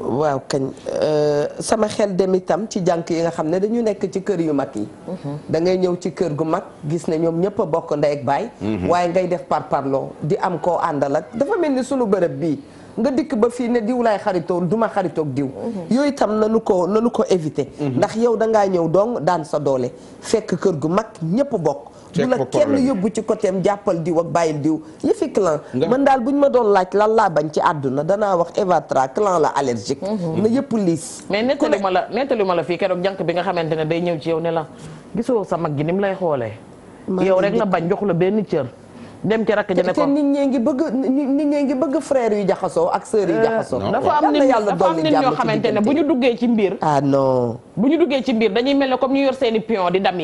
waaw kañ euh, sama xel dem itam ci jànk yi nga xam ne dañu nekk ci kër yu mag yi mhm. dangay ñëw ci kër gu mag gis ne ñoom ñëpp bokk ndey ak baay mhm. waaye ngay def par parloo di am koo àndal ak dafa mel ni sunu bërëb bii nga dikk ba fii ne diw laay xaritool du ma xaritoog diw mhm. yooyu itam nanu ko nanu ko éviter ndax yow dangaa ñëw dong daan sa doole fekk kër gu mag ñëpp bokk bu la kenn yóbbu ci côté am jàppal diw ak bàyyil diw yëfi clan man daal bu ñu ma doon laaj lan laa bañ ci àdduna danaa wax Evatra clan la allergique mhm. na yëpp liis mais nettali ma la nettali ma la fii keroog jànq bi nga xamante ne day ñëw ci yow ne la gisoo sa mag gi ni mu lay xoolee yow rek la bañ joxu la benn cër dem ci rakk ja ne ko nit ñee ngi bëgg nit ñee ngi bëgg frère yu jaxasoo ak sœur yu euh, jaxasoo. dafa am nit dafa am nit ñoo xamante ne bu ñu duggee ci mbir. ah bu ñu duggee ci mbir dañuy mel ne comme ñu yor seeni pion di dam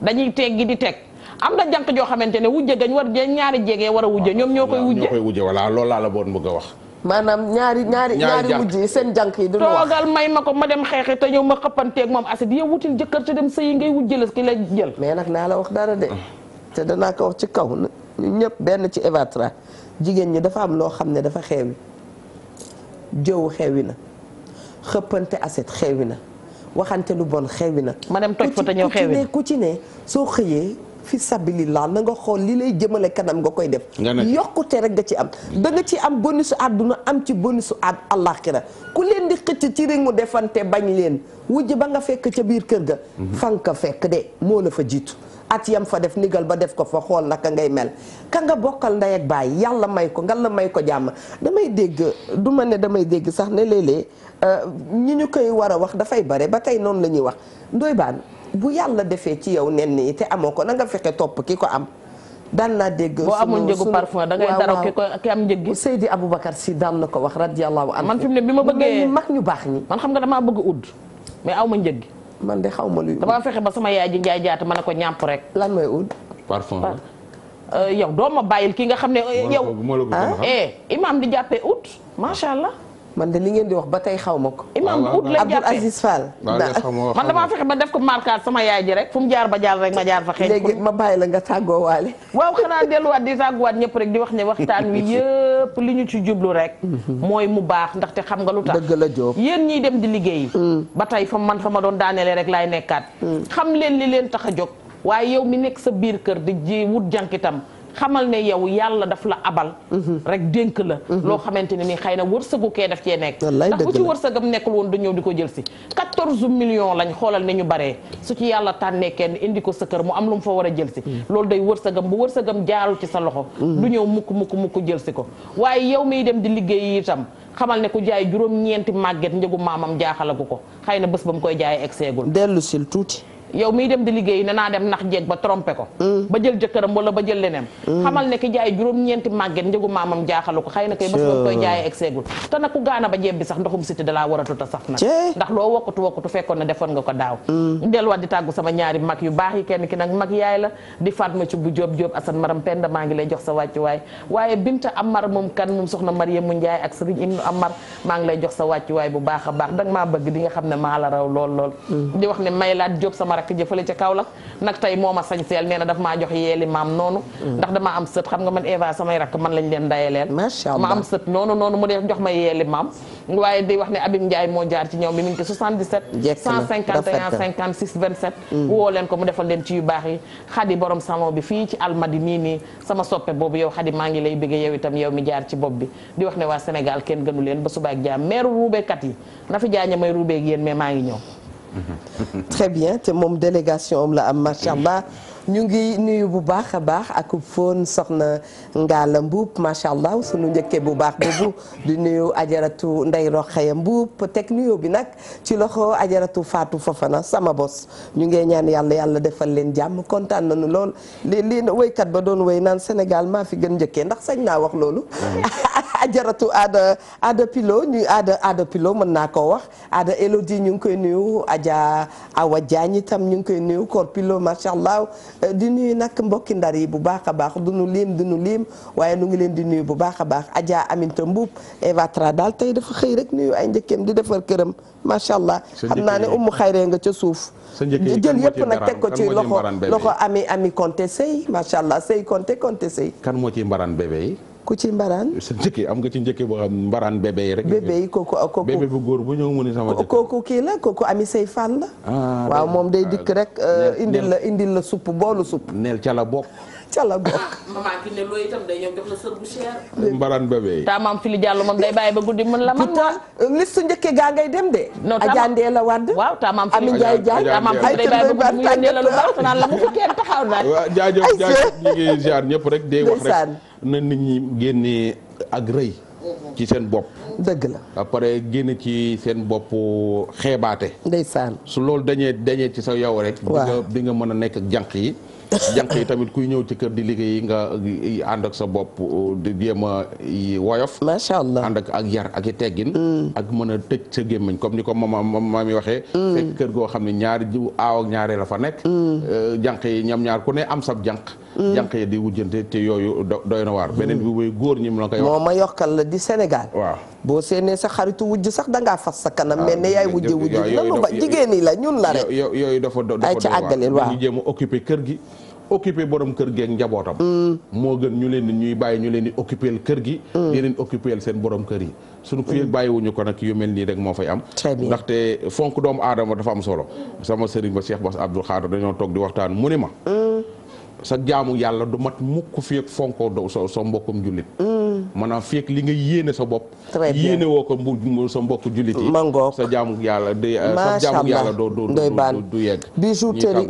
dañuy gi di teg am na janq joo xamante ne wujje gañ war jë ñaari jegee war a wujje ñoom ñoo koy wujje ñoo koy wujje voilà loolu laa la boon bëgg a wax maanaam ñaari ñaari ñaari seen jànk yi duñu wax may ma ko ma dem xeexi te ñëw ma xëppanteeg moom asit yow wutil jëkkër te dem sëyi ngay wujjëlas ki la jël mais nag naa la wax dara de te danaa ko wax ci kaw ñu ñëpp benn ci Evatra jigéen ñi dafa am loo xam ne dafa xeewi jëw xewi na xëppante asit xewi na waxante lu bon xewi na. ma dem toj fa te ñëw xewi na ku ci ne soo xëyee. fi sabilillah na nga xool li lay jëmale kanam nga koy def yokkute rek nga ci am da nga ci am su àdduna am ci bonusu àdd àllaaxira ku leen di xëcc ci mu defante bañ leen wujj ba nga fekk ca biir kër ga mhm. fan ka fekk de moo la fa jiitu at yam fa def ndigal ba def ko fa xool naka ngay mel ka nga bokkal ndey ak baay yàlla may ko nga la may ko jàmm damay dégg du ma ne damay dégg sax ne léeg-léeg euh, ñi ñu koy war a wax dafay bare ba tey noonu la ñuy wax ndoy baan bu yàlla defee ci yow nen nii te amoo ko na nga fexe topp ki ko am daan naa dégg boo amul njëgu parfum da ngay daraw ki ko ki am njëg gi Seydi Aboubacar Si daan na ko wax radiyallahu anhu man fi mu ne bi ma mag ñu baax ñi man xam nga damaa bëgg udd mais aw ma njëg gi man de xaw ma luy. damaa fexe ba sama yaay ji njaay jaata ma ne ko ñàmp rek. lan mooy oud. parfum euh, yow doo ma bàyyil ki nga xam ne. yow ah eh, imam di jàppe oud macha allah. man de li ngeen di wax ba tey xaw ma ko. imam bu ut la jàppee Abdoul Aziz Fall. man damaa fexe ba def ko markaat sama yaay ji rek fu mu jaar ba jaar rek ma jaar fa. xeeñ léegi ma bàyyi la nga tàggoo waale. waaw xanaa delluwaat di tàgguwaat ñëpp rek di wax ne waxtaan wi yëpp li ñu ci jublu rek. mooy mu baax ndaxte xam nga lu tax. dëgg la Diop yéen ñiy dem di liggéeyi. Mm. ba tey fa man fa ma doon daanelee rek laay nekkaat. Mm. xam leen li leen tax a jóg waaye yow mi nekk sa biir kër di ji wut jànkitam xamal ne yow yàlla daf la abal mhm. rek dénk la mhm. loo xamante ne ni xëy na wërsëgu kee def cee nekk ndax bu ci wërsëgam nekkul woon du ñëw di ko jël si million millions lañ xoolal ne ñu baree su ci yàlla tànnee kenn indi ko sa kër mu am lu mu fa war a jël si mhm. loolu day wërsëgam bu wërsëgam jaarul ci sa loxo du ñëw mukk mukk mukk jël si ko waaye yow miy dem di liggéey itam xamal ne ku jaay juróom ñeenti màgget njëgu maamam jaaxalagu ko xëy na bés ba mu koy jaayee egg seegul dellu sil tuuti yow miy dem di liggéey ne naa dem nax jeeg ba trompé ko mm. ba jël jëkkëram wala ba jël leneen mm. xamal ne ki jaay juróom-ñeenti màgget njëgu maamam jaaxalu ko xëy na kay bés boobu koy jaayee egg seegul te nag ku gaana ba jeeb bi sax ndoxum siti dalaa war atuta saf nag ndax loo wokkutu wokkutu fekkoon na defoon nga ko daaw mm. delluwaat di tàggu sama ñaari mag yu baax yi kenn ki nag mag yaay la di Fatma ci bu Jóob Jóob Asan Maram Penda maa ngi lay jox sa wàccuwaay waaye Binta Amar moom kan moom soxna Mariam mu Njaay ak Sëriñ Ibnu Amar maa ngi lay jox sa wàccuwaay bu baax a baax danga maa bëgg di nga xam ne maa la raw lool lool di wax ne may laat Jóob sama rakk jëfale ca Kaolack nag tey moo ma sañseel nee na daf jox yeeli maam noonu mm. ndax dama am sët xam nga man Eva samay rakk man lañ leen dayeleel ma am sët noonu noonu mu def jox ma yeeli maam waaye di wax ne Abib Ndiaye moo jaar ci ñoom bi mm. mu defal leen ci yu baax yi xadi borom salon bi fii ci almadi mii nii sama soppe boobu yow xadi maa ngi lay bëgg yow itam yow mi jaar ci bopp bi di wax ne waa Sénégal kenn gënu leen ba subaak jaam meeru ruubekat très bien te moom délégation am la am macha allah ñu ngi nuyu bu baax a baax ak foon soxna Ngalla Mbuub macha allah sunu njëkkee bu baax boobu di nuyu ajaratu Ndey Roxaya Mbuub teg nuyoo bi nag ci loxo ajaratu Faatu fofona sama bos ñu ngee ñaan yàlla yàlla defal leen jàmm kontaan nañu lool li li waykat ba doon way naan Sénégal fi gën njëkkee ndax sañ naa wax loolu mm-hmm. ajaratu aada aada pilo ñu pilo mën naa ko wax aada Elodie ñu ngi koy nuyu Adja Awa Diagne itam ñu ngi koy nuyu koor pilo macha allah euh, di nuyu nag mbokki ndar yi bu baax a baax du nu liim du nu liim waaye nu ngi leen di nuyu bu baax a baax Adja Aminta Mbuub Eva Tra daal tey dafa xëy rek nuyu ay njëkkeem di defar këram macha allah. xam naa ne umu xayree nga ca suuf. jël yëpp nag teg ko ci loxo ami ami Konte Sey macha allah Sey Konte Konte Sey. kan moo ciy mbaraan bébé ku ci mbaraan sa njëkkee am nga ci njëkkee boo xam mbaraan bu góor bu ñëw mu sama kooku kii la kooku ami say fàll la ah, waaw moom day dikk ah, rek euh, indil la indil la supp boolu supp neel ca la bokk ca la bokk mbaraan bébé yi tamam jàll moom day bàyyi ba guddi mën la man pourtant liste njëkkee gaa ngay dem de ajandee la wadd waaw tamam rek na nit ñi génne ak rëy ci seen bopp. dëgg la ba pare génn ci seen bopp xeebaate. ndeysaan su loolu dañee dañee ci sa yow rek. waaw nga mën a nekk ak jànq yi. jànq yi tamit kuy ñëw ci kër di liggéey nga ànd ak sa bopp di jéem a woyof. macha allah ànd ak ak yar ak i teggin. Mm. ak mën a tëj sa gémmiñ comme ni ko mama mama mi waxee. Mm. kër goo xam ne ñaar jiw aaw ak la fa nekk. Mm. Eh, jànq yi ñoom ñaar ku ne am sab jànq. Mm. jànq yi di wujjante te yooyu doy na waar beneen bi mooy góor ñi mu la koy wax moo ma yokkal la di Sénégal waaw boo seenee sa xaritu wujj sax dangaa fas sa kanam ah, mel ne yaay wujj wujj nanu ba jigéen la ñun la rek yooyu dafa ay ci àggaleel waaw ñu jéem a occupé kër gi occupé borom kër gi njabootam mm. moo gën ñu leen di ñuy bàyyi ñu leen di occupéel kër gi mm. di leen occupéel seen borom kër yi suñu kii bàyyiwuñu ko nag yu mel nii rek moo fay am ndaxte fonk doomu aadama dafa am solo sama sëriñ ba Cheikh Bass Abdou Khadre dañoo toog di waxtaan mu ne ma sa jaamu yàlla du mat mukk fi ak fonkoo dow so so mbokkum jullit maanaam fekk li nga yéene sa bopp. yéene woo ko mbu sa mbokk jullit yi. sa jaamu yàlla day. Eh, sa jaamu yàlla doo doo doo yegg. bijouterie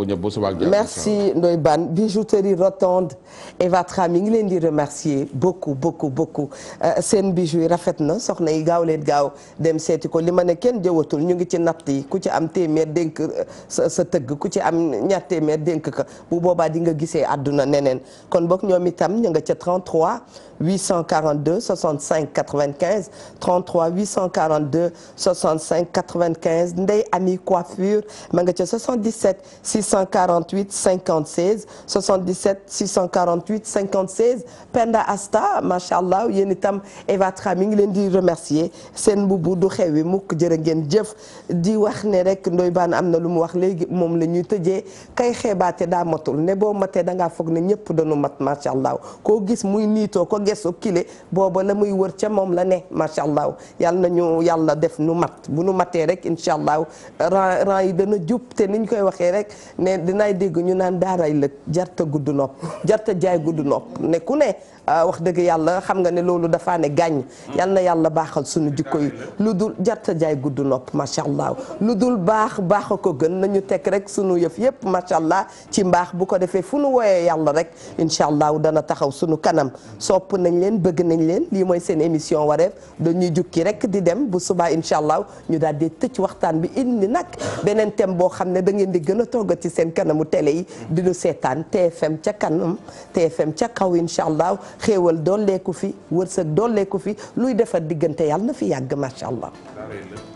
merci Ndoye Bane bijouterie rotonde Evatra mi ngi leen di remercier beaucoup beaucoup beaucoup euh, seen bijou yi rafet na soxna yi gaaw leen gaaw dem seeti ko li ma ne kenn jëwatul ñu ngi ci natt yi ku ci am téeméer dénk euh, sa sa tëgg ku ci am ñaar téeméer ka bu boobaa di nga gisee àdduna neneen kon boog ñoom itam ñu nga ca 33 840. 842 65 95 33 842 65 95 Ndey Ami Coiffure ma nga ca 77 648 56 77 648 56 Penda Asta macha allah yéen itam Eva Tra mi ngi leen di remercier seen mbubu du xewi mukk jërë ngeen jëf di wax ne rek ndoy baan am na lu mu wax léegi moom la ñuy tëjee kay xeebaate daa matul ne boo matee da ngaa foog ne ñëpp dañu mat macha allah koo gis muy niitoo ko gesu kile booba la muy wër ca moom la ne macha allah yàlla na ñu yàlla def nu mat bu nu matee rek incha allah ran ran yi dana jub te ñu koy waxee rek ne dinaay dégg ñu naan daaray la jarta gudd nopp jarta jaay gudd nopp ne ku ne Ah, wax dëgg yàlla xam nga ne loolu dafaa ne gàññ yal na yàlla baaxal suñu jikko yi lu dul jarta jaay gudd nopp macha allah lu dul baax baax a ko gën nañu tekk rek sunu yëf yëpp macha allah ci mbaax bu ko defee fu nu wooyee yàlla rek incha allah dana taxaw sunu kanam sopp nañ leen bëgg nañ leen lii mooy seen émission wareef dañuy jukki rek di dem bu subaa incha allah ñu daal di tëj waxtaan bi indi nag beneen thème boo xam ne da ngeen di gën a togg ci seen kanamu télé yi dinu seetaan TFM ca kanam TFM ca kaw xéewal dolleeku fi wërsëg dolleeku fi luy defar diggante yàlla na fi yàgg macha allah